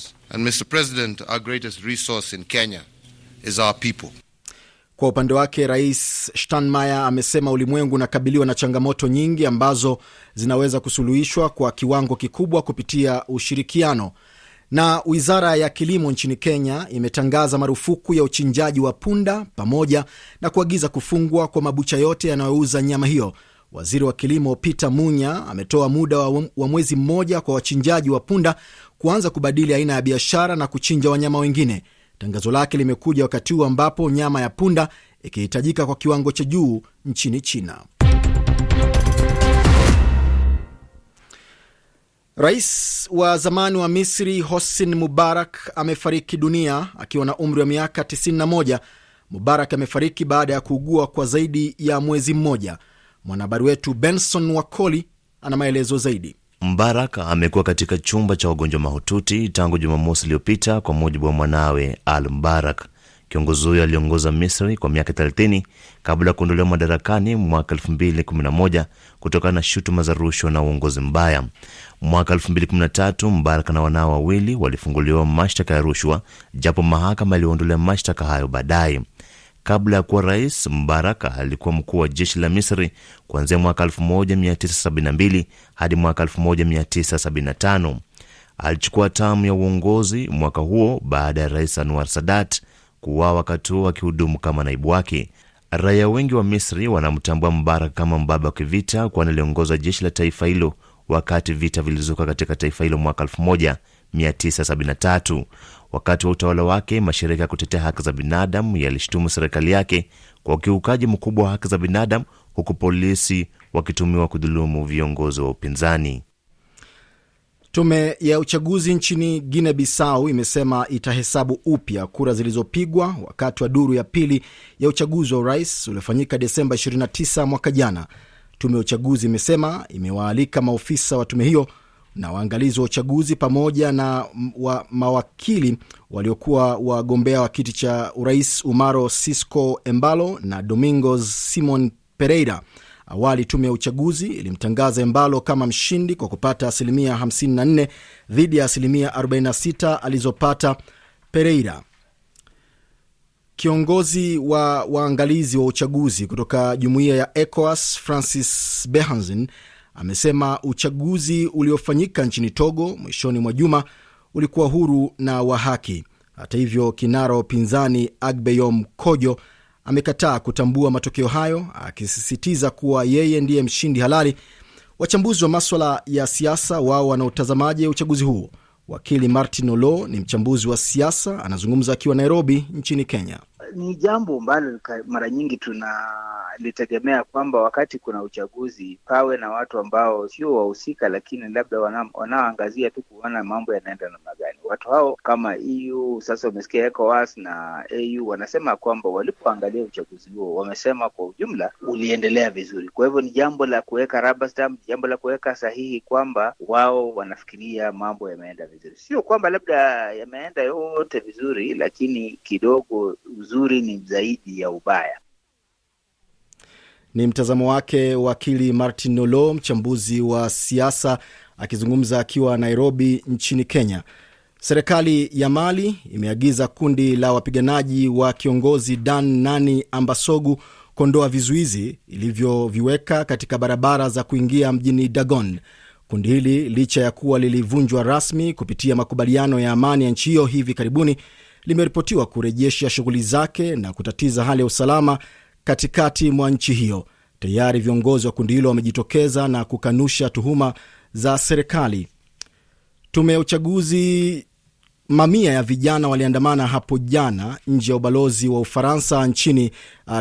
Kwa upande wake Rais Steinmeier amesema ulimwengu unakabiliwa na changamoto nyingi ambazo zinaweza kusuluhishwa kwa kiwango kikubwa kupitia ushirikiano. Na wizara ya kilimo nchini Kenya imetangaza marufuku ya uchinjaji wa punda pamoja na kuagiza kufungwa kwa mabucha yote yanayouza nyama hiyo. Waziri wa kilimo Peter Munya ametoa muda wa mwezi mmoja kwa wachinjaji wa punda kuanza kubadili aina ya biashara na kuchinja wanyama wengine. Tangazo lake limekuja wakati huu ambapo nyama ya punda ikihitajika kwa kiwango cha juu nchini China. Rais wa zamani wa Misri Hosni Mubarak amefariki dunia akiwa na umri wa miaka 91. Mubarak amefariki baada ya kuugua kwa zaidi ya mwezi mmoja. Mwanahabari wetu Benson Wakoli ana maelezo zaidi. Mbarak amekuwa katika chumba cha wagonjwa mahututi tangu Jumamosi iliyopita, kwa mujibu wa mwanawe Al Mbarak. Kiongozi huyo aliongoza Misri kwa miaka 30 kabla ya kuondolewa madarakani mwaka 211 kutokana na shutuma za rushwa na uongozi mbaya. Mwaka 213 Mbaraka na wanao wawili walifunguliwa mashtaka ya rushwa, japo mahakama iliondolea mashtaka hayo baadaye. Kabla ya kuwa rais, Mbaraka alikuwa mkuu wa jeshi la Misri kuanzia mwaka 1972 hadi mwaka 1975. Alichukua tamu ya uongozi mwaka huo baada ya rais Anwar Sadat kuuawa wakati huo akihudumu kama naibu wake. Raia wengi wa Misri wanamtambua Mubarak kama mbaba wa kivita, kwani aliongoza jeshi la taifa hilo wakati vita vilizuka katika taifa hilo mwaka 1973. Wakati wa utawala wake, mashirika ya kutetea haki za binadamu yalishutumu serikali yake kwa ukiukaji mkubwa wa haki za binadamu, huku polisi wakitumiwa kudhulumu viongozi wa upinzani. Tume ya uchaguzi nchini Guinea Bissau imesema itahesabu upya kura zilizopigwa wakati wa duru ya pili ya uchaguzi wa urais uliofanyika Desemba 29 mwaka jana. Tume ya uchaguzi imesema imewaalika maofisa wa tume hiyo na waangalizi wa uchaguzi pamoja na wa mawakili waliokuwa wagombea wa kiti cha urais Umaro Sisco Embalo na Domingos Simon Pereira Awali tume ya uchaguzi ilimtangaza Embalo kama mshindi kwa kupata asilimia 54 dhidi ya asilimia 46 alizopata Pereira. Kiongozi wa waangalizi wa uchaguzi kutoka jumuiya ya ECOWAS Francis Behanzin amesema uchaguzi uliofanyika nchini Togo mwishoni mwa juma ulikuwa huru na wa haki. Hata hivyo, kinara wa upinzani Agbeyom Kojo amekataa kutambua matokeo hayo, akisisitiza kuwa yeye ndiye mshindi halali. Wachambuzi wa maswala ya siasa wao wanaotazamaje uchaguzi huo? Wakili Martin Olo ni mchambuzi wa siasa, anazungumza akiwa Nairobi nchini Kenya ni jambo ambalo mara nyingi tunalitegemea kwamba wakati kuna uchaguzi pawe na watu ambao sio wahusika, lakini labda wanaoangazia tu kuona mambo yanaenda namna gani. Watu hao kama EU sasa, umesikia ECOWAS na AU wanasema kwamba walipoangalia uchaguzi huo, wamesema kwa ujumla uliendelea vizuri. Kwa hivyo ni jambo la kuweka rabastam jambo la kuweka sahihi kwamba wao wanafikiria mambo yameenda vizuri, sio kwamba labda yameenda yote vizuri, lakini kidogo uzuri uzuri ni zaidi ya ubaya. Ni mtazamo wake wakili Martin Nolo, mchambuzi wa siasa, akizungumza akiwa Nairobi nchini Kenya. Serikali ya Mali imeagiza kundi la wapiganaji wa kiongozi Dan Nani Ambasogu kuondoa vizuizi ilivyoviweka katika barabara za kuingia mjini Dagon. Kundi hili licha ya kuwa lilivunjwa rasmi kupitia makubaliano ya amani ya nchi hiyo hivi karibuni, limeripotiwa kurejesha shughuli zake na kutatiza hali ya usalama katikati mwa nchi hiyo. Tayari viongozi wa kundi hilo wamejitokeza na kukanusha tuhuma za serikali. Tume ya uchaguzi. Mamia ya vijana waliandamana hapo jana nje ya ubalozi wa Ufaransa nchini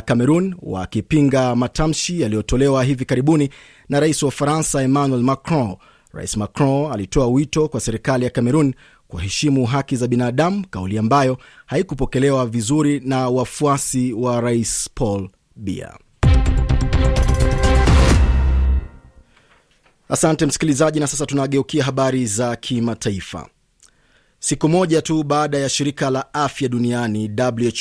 Kamerun uh, wakipinga matamshi yaliyotolewa hivi karibuni na rais wa Ufaransa Emmanuel Macron. Rais Macron alitoa wito kwa serikali ya Kamerun kuheshimu haki za binadamu, kauli ambayo haikupokelewa vizuri na wafuasi wa rais Paul Bia. Asante msikilizaji, na sasa tunageukia habari za kimataifa. Siku moja tu baada ya shirika la afya duniani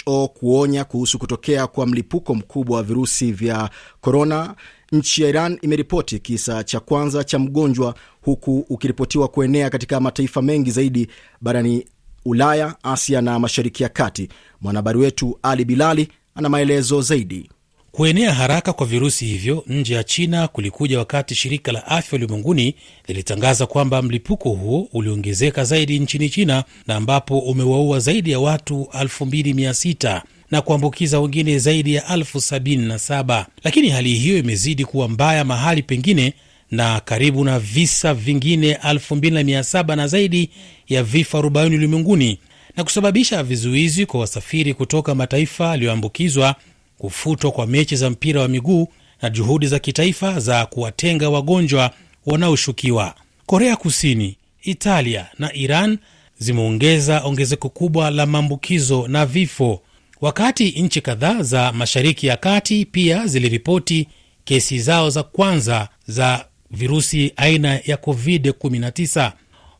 WHO kuonya kuhusu kutokea kwa mlipuko mkubwa wa virusi vya korona Nchi ya Iran imeripoti kisa cha kwanza cha mgonjwa, huku ukiripotiwa kuenea katika mataifa mengi zaidi barani Ulaya, Asia na mashariki ya kati. Mwanahabari wetu Ali Bilali ana maelezo zaidi. Kuenea haraka kwa virusi hivyo nje ya China kulikuja wakati shirika la afya ulimwenguni lilitangaza kwamba mlipuko huo uliongezeka zaidi nchini China na ambapo umewaua zaidi ya watu 2600 na kuambukiza wengine zaidi ya elfu sabini na saba lakini hali hiyo imezidi kuwa mbaya mahali pengine na karibu na visa vingine elfu mbili na mia saba na zaidi ya vifo arobaini ulimwenguni na kusababisha vizuizi kwa wasafiri kutoka mataifa yaliyoambukizwa, kufutwa kwa mechi za mpira wa miguu na juhudi za kitaifa za kuwatenga wagonjwa wanaoshukiwa. Korea Kusini, Italia na Iran zimeongeza ongezeko kubwa la maambukizo na vifo wakati nchi kadhaa za Mashariki ya Kati pia ziliripoti kesi zao za kwanza za virusi aina ya COVID-19.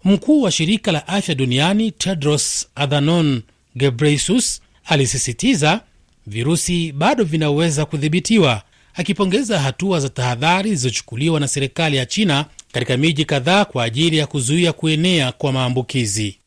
Mkuu wa shirika la afya duniani Tedros Adhanom Ghebreyesus alisisitiza virusi bado vinaweza kudhibitiwa, akipongeza hatua za tahadhari zilizochukuliwa na serikali ya China katika miji kadhaa kwa ajili ya kuzuia kuenea kwa maambukizi.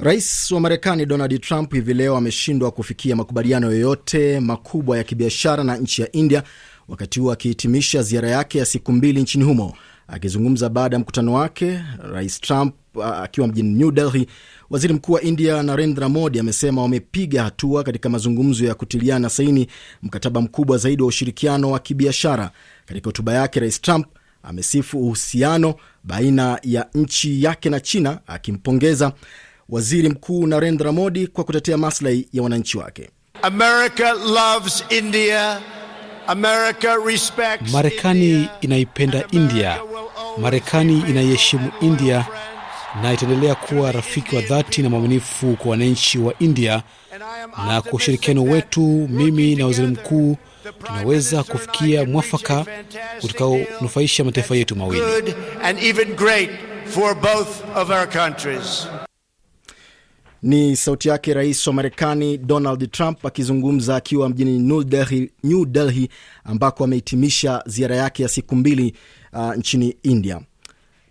Rais wa Marekani Donald Trump hivi leo ameshindwa kufikia makubaliano yoyote makubwa ya kibiashara na nchi ya India, wakati huo akihitimisha ziara yake ya siku mbili nchini humo. Akizungumza baada ya mkutano wake, Rais Trump akiwa mjini New Delhi, waziri mkuu wa India Narendra Modi amesema wamepiga hatua katika mazungumzo ya kutiliana saini mkataba mkubwa zaidi wa ushirikiano wa kibiashara. Katika hotuba yake, Rais Trump amesifu uhusiano baina ya nchi yake na China akimpongeza waziri mkuu Narendra Modi kwa kutetea maslahi ya wananchi wake. America loves India. America respects Marekani India. Inaipenda India. Marekani inaiheshimu India na itaendelea kuwa rafiki wa dhati na mwaminifu kwa wananchi wa India. Na kwa ushirikiano wetu, mimi na waziri mkuu tunaweza kufikia mwafaka utakaonufaisha mataifa yetu mawili. Ni sauti yake rais wa Marekani Donald Trump akizungumza akiwa mjini Delhi, New Delhi ambako amehitimisha ziara yake ya siku mbili uh, nchini India.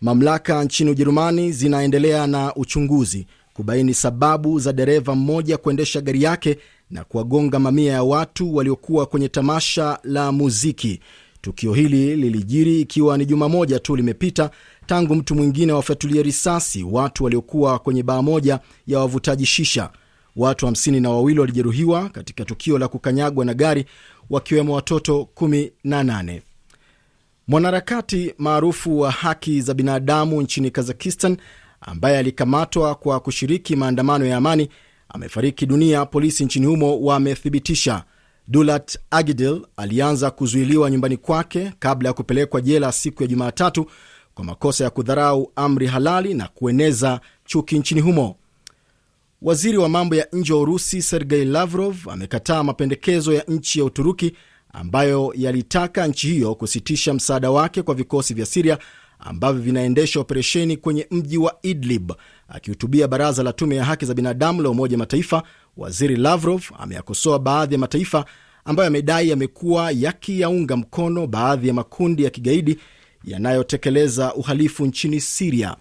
Mamlaka nchini Ujerumani zinaendelea na uchunguzi kubaini sababu za dereva mmoja kuendesha gari yake na kuwagonga mamia ya watu waliokuwa kwenye tamasha la muziki. Tukio hili lilijiri ikiwa ni juma moja tu limepita tangu mtu mwingine awafyatulie risasi watu waliokuwa kwenye baa moja ya wavutaji shisha. Watu hamsini na wawili walijeruhiwa katika tukio la kukanyagwa na gari wakiwemo watoto 18. Mwanaharakati maarufu wa haki za binadamu nchini Kazakistan ambaye alikamatwa kwa kushiriki maandamano ya amani amefariki dunia, polisi nchini humo wamethibitisha. Dulat Agidel alianza kuzuiliwa nyumbani kwake kabla ya kupelekwa jela siku ya Jumatatu kwa makosa ya kudharau amri halali na kueneza chuki nchini humo. Waziri wa mambo ya nje wa Urusi Sergei Lavrov amekataa mapendekezo ya nchi ya Uturuki ambayo yalitaka nchi hiyo kusitisha msaada wake kwa vikosi vya Siria ambavyo vinaendesha operesheni kwenye mji wa Idlib. Akihutubia baraza la tume ya haki za binadamu la Umoja Mataifa, waziri Lavrov ameyakosoa baadhi ya mataifa ambayo yamedai yamekuwa yakiyaunga mkono baadhi ya makundi ya kigaidi yanayotekeleza uhalifu nchini Siria.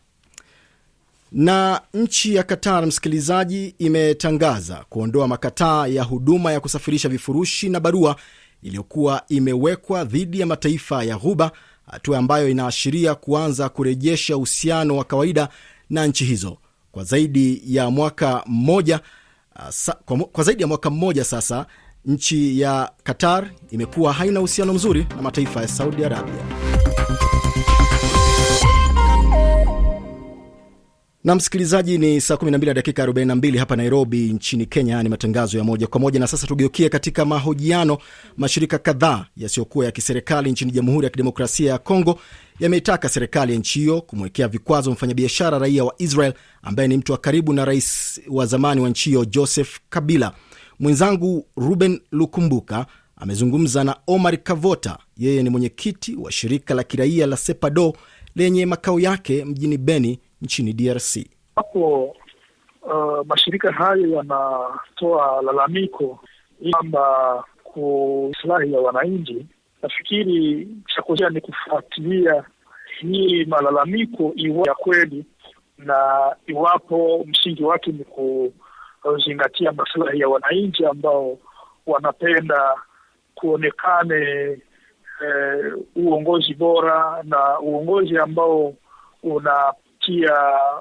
Na nchi ya Qatar, msikilizaji, imetangaza kuondoa makataa ya huduma ya kusafirisha vifurushi na barua iliyokuwa imewekwa dhidi ya mataifa ya Ghuba, hatua ambayo inaashiria kuanza kurejesha uhusiano wa kawaida na nchi hizo kwa zaidi ya mwaka mmoja. Uh, kwa zaidi ya mwaka mmoja sasa, nchi ya Qatar imekuwa haina uhusiano mzuri na mataifa ya Saudi Arabia. na msikilizaji, ni saa 12 dakika 42 hapa Nairobi nchini Kenya. Ni matangazo ya moja kwa moja, na sasa tugeukie katika mahojiano. Mashirika kadhaa yasiyokuwa ya kiserikali nchini Jamhuri ya Kidemokrasia ya Kongo yameitaka serikali ya nchi hiyo kumwekea vikwazo mfanyabiashara raia wa Israel ambaye ni mtu wa karibu na rais wa zamani wa nchi hiyo Joseph Kabila. Mwenzangu Ruben Lukumbuka amezungumza na Omar Kavota, yeye ni mwenyekiti wa shirika la kiraia la Sepado lenye makao yake mjini Beni nchini DRC. Hapo uh, mashirika hayo yanatoa lalamiko kwamba ku ya wananchi, nafikiri cha kuzia ni kufuatilia hii malalamiko iwa ya kweli na iwapo msingi wake ni kuzingatia maslahi ya wananchi ambao wanapenda kuonekane eh, uongozi bora na uongozi ambao una kufikia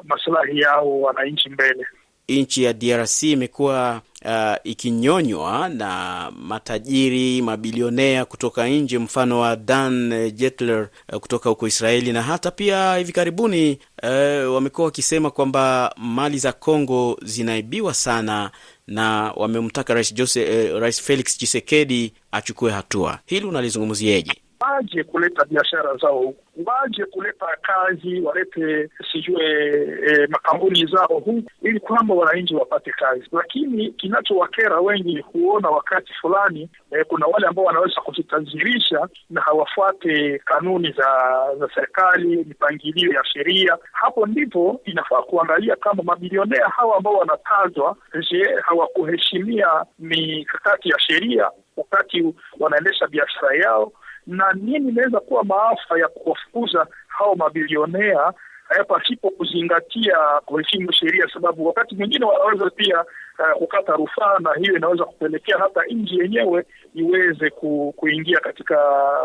masilahi yao wananchi mbele. Nchi ya DRC imekuwa uh, ikinyonywa na matajiri mabilionea kutoka nje, mfano wa Dan Jetler uh, kutoka huko Israeli, na hata pia hivi karibuni uh, wamekuwa wakisema kwamba mali za Kongo zinaibiwa sana, na wamemtaka Rais Jose, uh, Rais Felix chisekedi achukue hatua. Hili unalizungumziaje? waje kuleta biashara zao, huku waje kuleta kazi, walete sijue e, makampuni zao huku, ili kwamba wananchi wapate kazi. Lakini kinachowakera wengi huona wakati fulani e, kuna wale ambao wanaweza kujitajirisha na hawafuate kanuni za za serikali, mipangilio ya sheria. Hapo ndipo inafaa kuangalia kama mabilionea hawa ambao wanatajwa, je, hawakuheshimia mikakati ya sheria wakati wanaendesha biashara yao na nini inaweza kuwa maafa ya kuwafukuza hao mabilionea eh, pasipo kuzingatia kuheshimu sheria, sababu wakati mwingine wanaweza pia uh, kukata rufaa, na hiyo inaweza kupelekea hata nchi yenyewe iweze ku, kuingia katika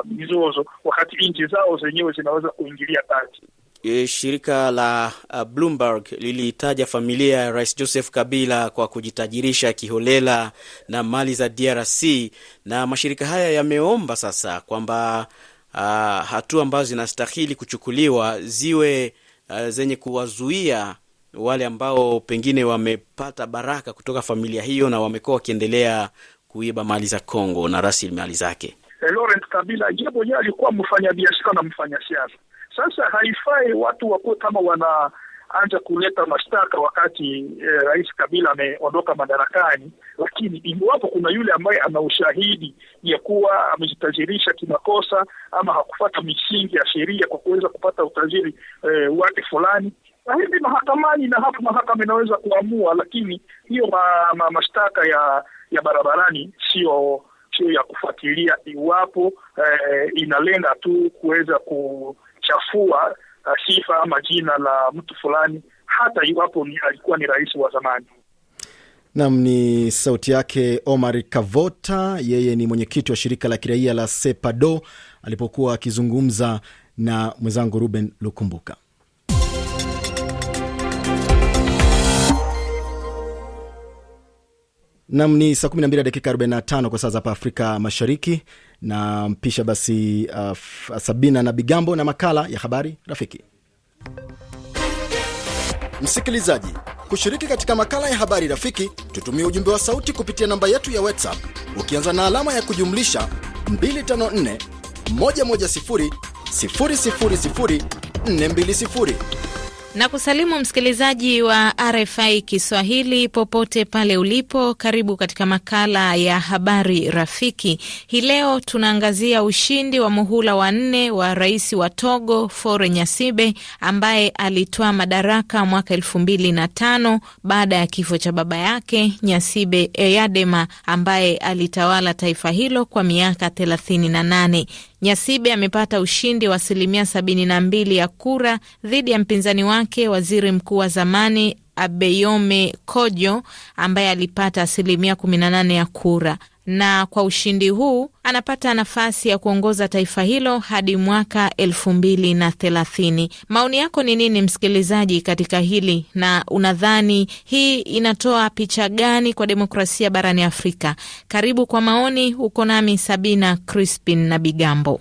mizozo, wakati nchi zao zenyewe zinaweza kuingilia kati. E, shirika la uh, Bloomberg lilitaja familia ya Rais Joseph Kabila kwa kujitajirisha kiholela na mali za DRC, na mashirika haya yameomba sasa kwamba uh, hatua ambazo zinastahili kuchukuliwa ziwe uh, zenye kuwazuia wale ambao pengine wamepata baraka kutoka familia hiyo na wamekuwa wakiendelea kuiba mali za Kongo na rasilimali zake. Laurent Kabila yeye alikuwa mfanyabiashara na mfanyasiasa sasa haifai watu wakuwe kama wanaanza kuleta mashtaka wakati eh, Rais Kabila ameondoka madarakani, lakini iwapo kuna yule ambaye ana ushahidi ya kuwa amejitajirisha kimakosa ama hakufata misingi ya sheria kwa kuweza kupata utajiri eh, wake fulani hivi mahakamani na hapo mahakama inaweza kuamua, lakini hiyo ma, ma, mashtaka ya ya barabarani sio sio ya kufuatilia, iwapo eh, inalenga tu kuweza ku, kuchafua uh, sifa ama jina la mtu fulani hata iwapo ni alikuwa ni rais wa zamani. Nam ni sauti yake Omar Kavota, yeye ni mwenyekiti wa shirika la kiraia la SEPADO alipokuwa akizungumza na mwenzangu Ruben Lukumbuka. Nam ni saa 12 dakika 45 kwa saa za hapa Afrika Mashariki na mpisha basi uh, uh, Sabina na Bigambo na makala ya habari rafiki. Msikilizaji, kushiriki katika makala ya habari rafiki, tutumie ujumbe wa sauti kupitia namba yetu ya WhatsApp ukianza na alama ya kujumlisha 254 110 000 420 na kusalimu msikilizaji wa RFI Kiswahili popote pale ulipo. Karibu katika makala ya habari rafiki. Hii leo tunaangazia ushindi wa muhula wa nne wa rais wa Togo Fore Nyasibe ambaye alitoa madaraka mwaka elfu mbili na tano baada ya kifo cha baba yake Nyasibe Eyadema ambaye alitawala taifa hilo kwa miaka thelathini na nane. Nyasibe amepata ushindi wa asilimia sabini na mbili ya kura dhidi ya mpinzani wake waziri mkuu wa zamani Abeyome Kojo ambaye alipata asilimia kumi na nane ya kura na kwa ushindi huu anapata nafasi ya kuongoza taifa hilo hadi mwaka elfu mbili na thelathini. Maoni yako ni nini, msikilizaji, katika hili na unadhani hii inatoa picha gani kwa demokrasia barani Afrika? Karibu kwa maoni. Uko nami Sabina Crispin na Bigambo.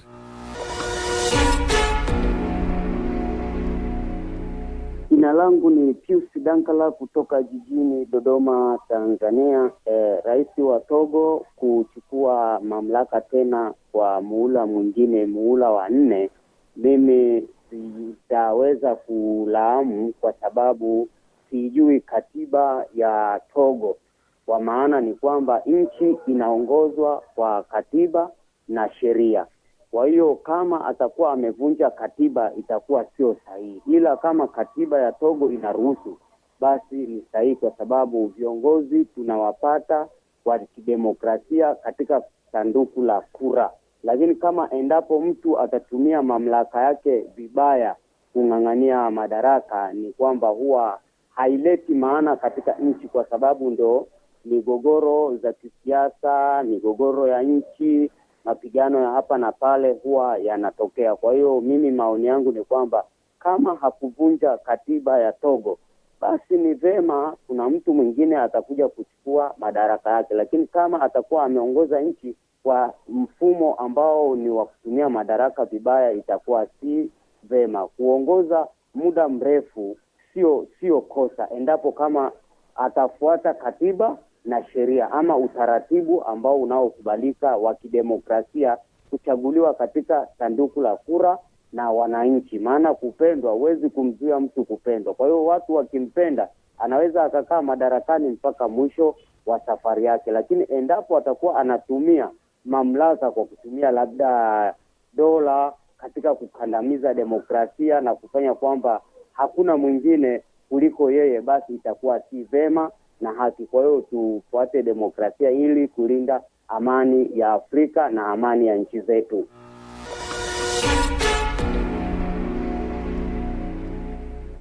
langu ni Pius Dankala kutoka jijini Dodoma, Tanzania. Eh, rais wa Togo kuchukua mamlaka tena kwa muhula mwingine, muhula wa nne, mimi sitaweza kulaamu kwa sababu sijui katiba ya Togo. Kwa maana ni kwamba nchi inaongozwa kwa katiba na sheria. Kwa hiyo kama atakuwa amevunja katiba itakuwa sio sahihi, ila kama katiba ya Togo inaruhusu basi ni sahihi, kwa sababu viongozi tunawapata kwa kidemokrasia katika sanduku la kura. Lakini kama endapo mtu atatumia mamlaka yake vibaya kung'ang'ania madaraka, ni kwamba huwa haileti maana katika nchi, kwa sababu ndo migogoro za kisiasa, migogoro ya nchi mapigano ya hapa na pale huwa yanatokea. Kwa hiyo mimi maoni yangu ni kwamba kama hakuvunja katiba ya Togo, basi ni vema kuna mtu mwingine atakuja kuchukua madaraka yake, lakini kama atakuwa ameongoza nchi kwa mfumo ambao ni wa kutumia madaraka vibaya, itakuwa si vema. Kuongoza muda mrefu sio sio kosa, endapo kama atafuata katiba na sheria ama utaratibu ambao unaokubalika wa kidemokrasia kuchaguliwa katika sanduku la kura na wananchi, maana kupendwa, huwezi kumzuia mtu kupendwa. Kwa hiyo watu wakimpenda, anaweza akakaa madarakani mpaka mwisho wa safari yake, lakini endapo atakuwa anatumia mamlaka kwa kutumia labda dola katika kukandamiza demokrasia na kufanya kwamba hakuna mwingine kuliko yeye, basi itakuwa si vema na haki. Kwa hiyo tufuate demokrasia ili kulinda amani ya Afrika na amani ya nchi zetu.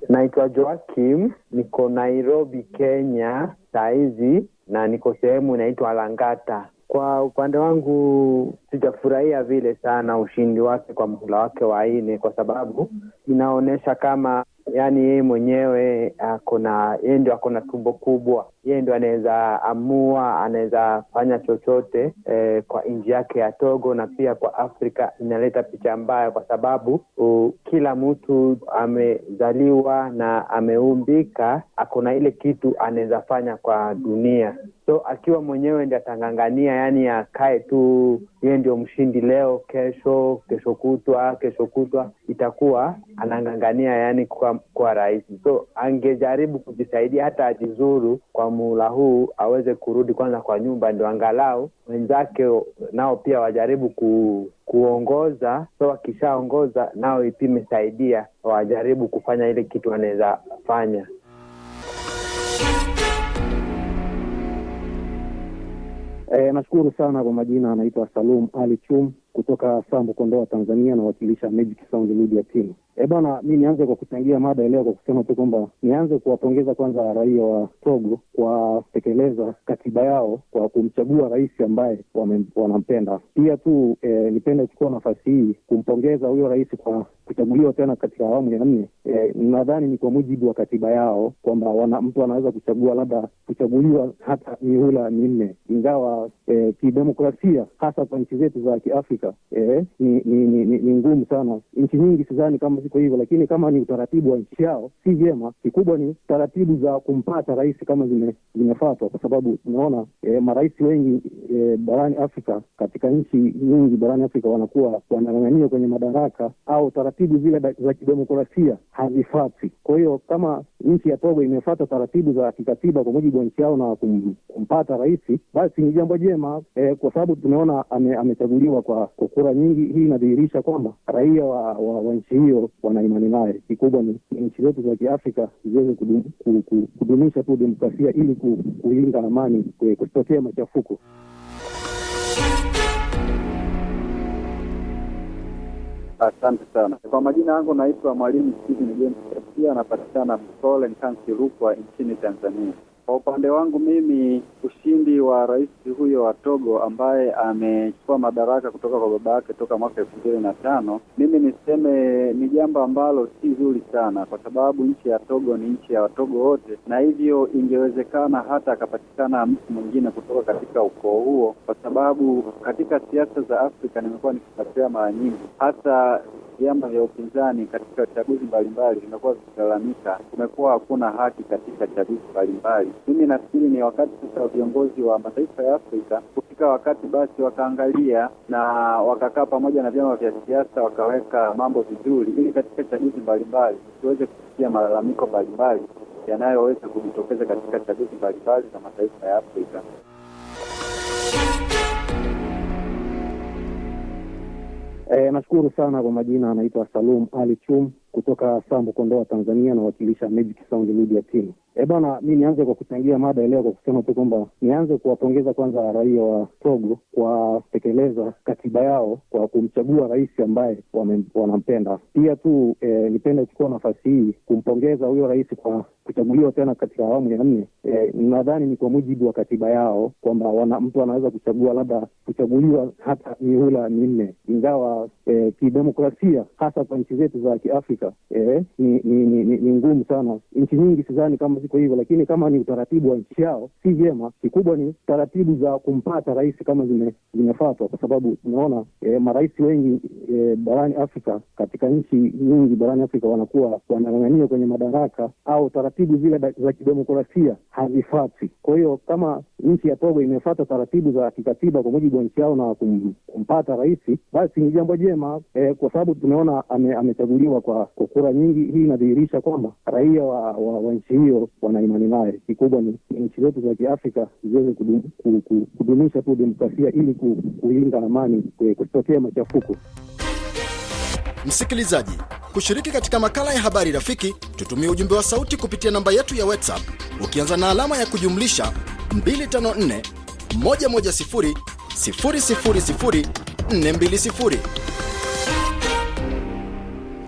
Naitwa Joakim, niko Nairobi, Kenya sahizi na niko sehemu inaitwa Langata. Kwa upande wangu sijafurahia vile sana ushindi wake kwa mhula wake wa nne, kwa sababu inaonyesha kama yani yeye mwenyewe akona yeye ndio akona tumbo kubwa yeye ndo anaweza amua, anaweza fanya chochote eh, kwa nchi yake ya Togo na pia kwa Afrika. Inaleta picha mbaya kwa sababu uh, kila mtu amezaliwa na ameumbika, akona ile kitu anaweza fanya kwa dunia. So akiwa mwenyewe ndi atangangania, yani akae tu, yeye ndio mshindi leo, kesho, kesho kutwa, kesho kutwa, itakuwa anangangania yani kwa, kwa rahisi. So angejaribu kujisaidia hata ajizuru kwa muhula huu aweze kurudi kwanza kwa nyumba, ndio angalau wenzake nao pia wajaribu ku, kuongoza. So wakishaongoza nao ipime saidia, wajaribu kufanya ile kitu wanaweza fanya. E, nashukuru sana kwa majina, anaitwa Salum Ali Chum kutoka Sambo, Kondoa, Tanzania, nawakilisha Magic Sound Media Team. Eh, bwana, mi nianze kwa kuchangia mada leo kwa kusema tu kwamba nianze kuwapongeza kwanza raia wa Togo kwa tekeleza katiba yao kwa kumchagua rais ambaye wanampenda. Pia tu e, nipende kuchukua nafasi hii kumpongeza huyo rais kwa kuchaguliwa tena katika awamu ya nne. E, nadhani ni kwa mujibu wa katiba yao kwamba mtu anaweza kuchagua labda kuchaguliwa hata mihula minne, ingawa e, kidemokrasia hasa kwa nchi zetu za Kiafrika Afrika eh, ni, ni, ni, ni, ni ngumu sana. Nchi nyingi sidhani kama ziko hivyo, lakini kama ni utaratibu wa nchi yao si vyema. Kikubwa ni taratibu za kumpata rais kama zime, zimefatwa, kwa sababu tunaona eh, marais wengi eh, barani Afrika, katika nchi nyingi barani Afrika wanakuwa wanang'ang'ania kwenye madaraka au taratibu zile za kidemokrasia hazifati Kwa hiyo kama nchi ya Togo imefata taratibu za kikatiba kwa mujibu wa nchi yao na kum, kumpata rais, basi ni jambo jema eh, kwa sababu tumeona ame, amechaguliwa kwa kwa kura nyingi. Hii inadhihirisha kwamba raia wa, wa, wa nchi hiyo wana imani naye. Kikubwa ni nchi zetu za Kiafrika ziweze kudum, kudumisha tu demokrasia ili kulinda amani, kutokea machafuko. Asante sana kwa majina yangu, naitwa Mwalimu Stephen James anapatikana Msole Nkansi, Rukwa, nchini Tanzania. Kwa upande wangu mimi, ushindi wa rais huyo wa Togo ambaye amechukua madaraka kutoka kwa baba yake toka mwaka elfu mbili na tano, mimi niseme ni jambo ambalo si zuri sana, kwa sababu nchi ya Togo ni nchi ya Watogo wote, na hivyo ingewezekana hata akapatikana mtu mwingine kutoka katika ukoo huo, kwa sababu katika siasa za Afrika nimekuwa nikifuatilia mara nyingi hasa vyama vya upinzani katika chaguzi mbalimbali vimekuwa vikilalamika kumekuwa hakuna haki katika chaguzi mbalimbali. Mimi nafikiri ni wakati sasa wa viongozi wa mataifa ya Afrika kufika wakati basi wakaangalia na wakakaa pamoja na vyama vya siasa wakaweka mambo vizuri, ili katika chaguzi mbalimbali tuweze kusikia malalamiko mbalimbali yanayoweza kujitokeza katika chaguzi mbalimbali za mataifa ya Afrika. E, nashukuru sana kwa majina, anaitwa Salum Ali Chum kutoka Sambo, Kondoa, Tanzania, nawakilisha Magic Sound Media Team. E eh, bana, mi nianze kwa kuchangia mada leo kwa kusema tu kwamba nianze kuwapongeza kwanza raia wa Togo kwa kutekeleza katiba yao kwa kumchagua rais ambaye wanampenda. Pia tu e, nipende kuchukua nafasi hii kumpongeza huyo rais kwa kuchaguliwa tena katika awamu ya nne. E, nadhani ni kwa mujibu wa katiba yao kwamba mtu anaweza kuchagua labda kuchaguliwa hata mihula minne, ingawa e, kidemokrasia hasa kwa nchi zetu za Kiafrika e, ni, ni, ni, ni, ni ngumu sana. Nchi nyingi sidhani kama ziko hivyo, lakini kama ni utaratibu wa nchi yao si vyema. Kikubwa ni taratibu za kumpata rais kama zime, zimefatwa, kwa sababu tunaona e, eh, marais wengi e, barani Afrika, katika nchi nyingi barani Afrika wanakuwa wanang'ang'ania kwenye madaraka au taratibu zile za kidemokrasia hazifatwi. Kwa hiyo kama nchi ya Togo imefata taratibu za kikatiba kwa mujibu wa nchi yao na kum, kumpata rais, basi ni jambo jema e, kwa sababu tumeona ame, amechaguliwa kwa kura nyingi. Hii inadhihirisha kwamba raia wa, wa, wa nchi hiyo wana imani naye. Kikubwa ni nchi zetu za Kiafrika ziweze kudumisha tu demokrasia ili kulinda amani, kusitokea machafuko. Msikilizaji, kushiriki katika makala ya habari rafiki, tutumie ujumbe wa sauti kupitia namba yetu ya WhatsApp ukianza na alama ya kujumlisha 254 110 000 420.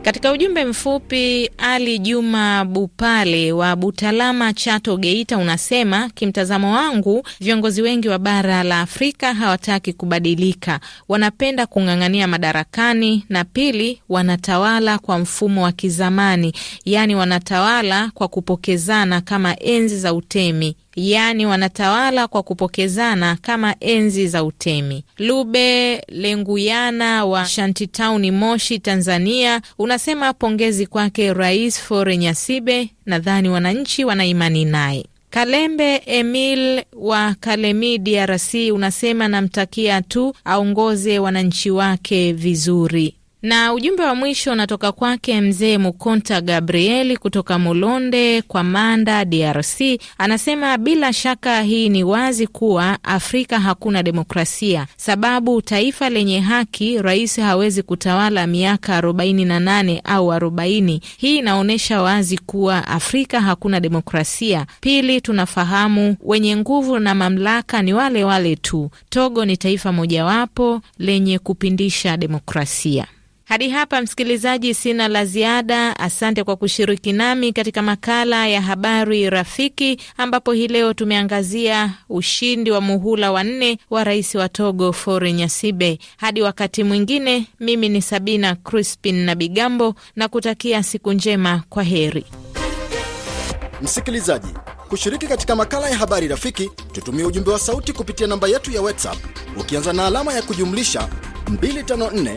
Katika ujumbe mfupi, Ali Juma Bupale wa Butalama, Chato, Geita, unasema kimtazamo wangu, viongozi wengi wa bara la Afrika hawataki kubadilika, wanapenda kung'ang'ania madarakani, na pili, wanatawala kwa mfumo wa kizamani, yaani wanatawala kwa kupokezana kama enzi za utemi yaani wanatawala kwa kupokezana kama enzi za utemi. Lube Lenguyana wa Shantitauni, Moshi, Tanzania, unasema pongezi kwake Rais Fore Nyasibe, nadhani wananchi wanaimani naye. Kalembe Emil wa Kalemi, DRC, unasema namtakia tu aongoze wananchi wake vizuri. Na ujumbe wa mwisho unatoka kwake mzee Mukonta Gabrieli kutoka Mulonde kwa Manda, DRC. Anasema bila shaka hii ni wazi kuwa Afrika hakuna demokrasia, sababu taifa lenye haki, rais hawezi kutawala miaka 48 au 40. Hii inaonyesha wazi kuwa Afrika hakuna demokrasia. Pili, tunafahamu wenye nguvu na mamlaka ni wale wale tu. Togo ni taifa mojawapo lenye kupindisha demokrasia. Hadi hapa msikilizaji, sina la ziada. Asante kwa kushiriki nami katika makala ya habari rafiki, ambapo hii leo tumeangazia ushindi wa muhula wa nne wa rais wa Togo Faure Nyasibe. Hadi wakati mwingine, mimi ni Sabina Crispin na Bigambo na kutakia siku njema, kwa heri. Msikilizaji, kushiriki katika makala ya habari rafiki, tutumie ujumbe wa sauti kupitia namba yetu ya WhatsApp ukianza na alama ya kujumlisha 254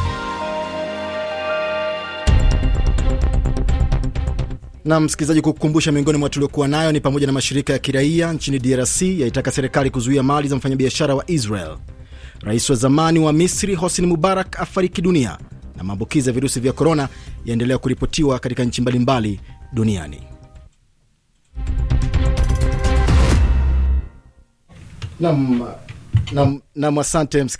Na msikilizaji, kukukumbusha miongoni mwa tuliokuwa nayo ni pamoja na mashirika ya kiraia nchini DRC yaitaka serikali kuzuia mali za mfanyabiashara wa Israel. Rais wa zamani wa Misri Hosni Mubarak afariki dunia, na maambukizi ya virusi vya korona yaendelea kuripotiwa katika nchi mbalimbali duniani. nam Nam, balance ton Toutes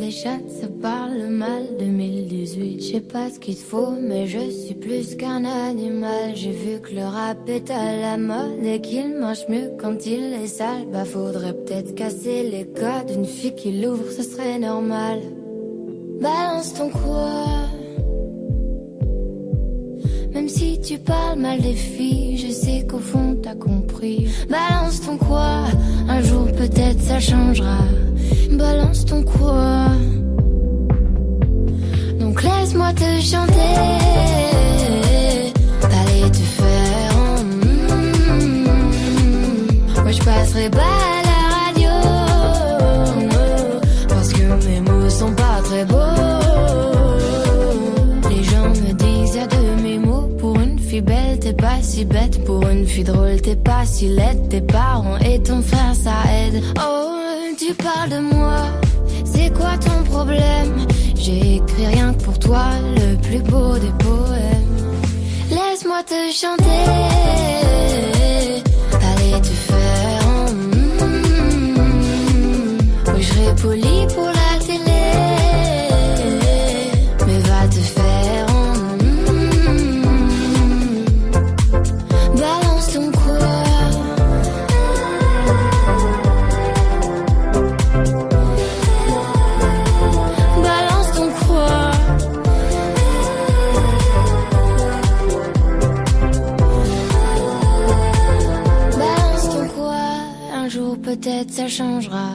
les chattes, ça parle mal 2018. Je sais pas ce qu'il faut, mais je suis plus qu'un animal. J'ai vu que le rap est à la mode et qu'il mange mieux quand il est sale. Bah, faudrait peut-être casser les codes. Une fille qui l'ouvre, ce serait normal. Balance ton quoi même si tu parles mal des filles, je sais qu'au fond t'as compris. Balance ton quoi, un jour peut-être ça changera. Balance ton quoi. Donc laisse-moi te chanter, t'allais te faire. Hmm. Moi je passerai balle. belle, t'es pas si bête. Pour une fille drôle, t'es pas si laide. Tes parents et ton frère, ça aide. Oh, tu parles de moi, c'est quoi ton problème J'ai écrit rien que pour toi, le plus beau des poèmes. Laisse-moi te chanter, allez te faire. Mm, mm, mm. pour ça changera.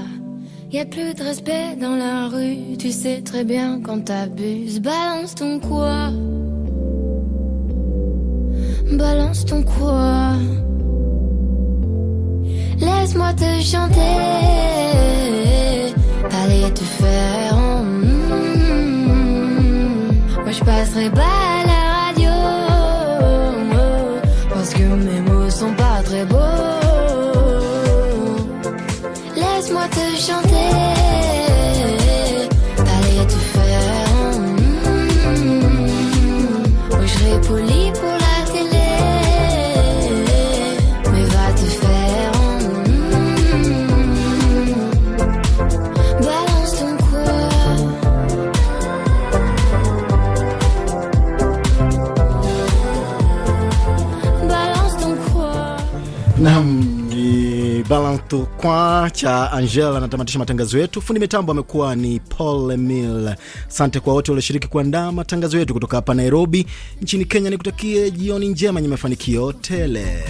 Y a plus de respect dans la rue, tu sais très bien quand t'abuses. Balance ton quoi Balance ton quoi Laisse-moi te chanter, Allez te faire hmm, hmm, hmm, Moi je passerai pas. kwa cha Angel anatamatisha matangazo yetu. Fundi mitambo amekuwa ni Paul Emil. Asante kwa wote walioshiriki kuandaa matangazo yetu kutoka hapa Nairobi nchini Kenya. Nikutakie jioni njema yenye mafanikio tele.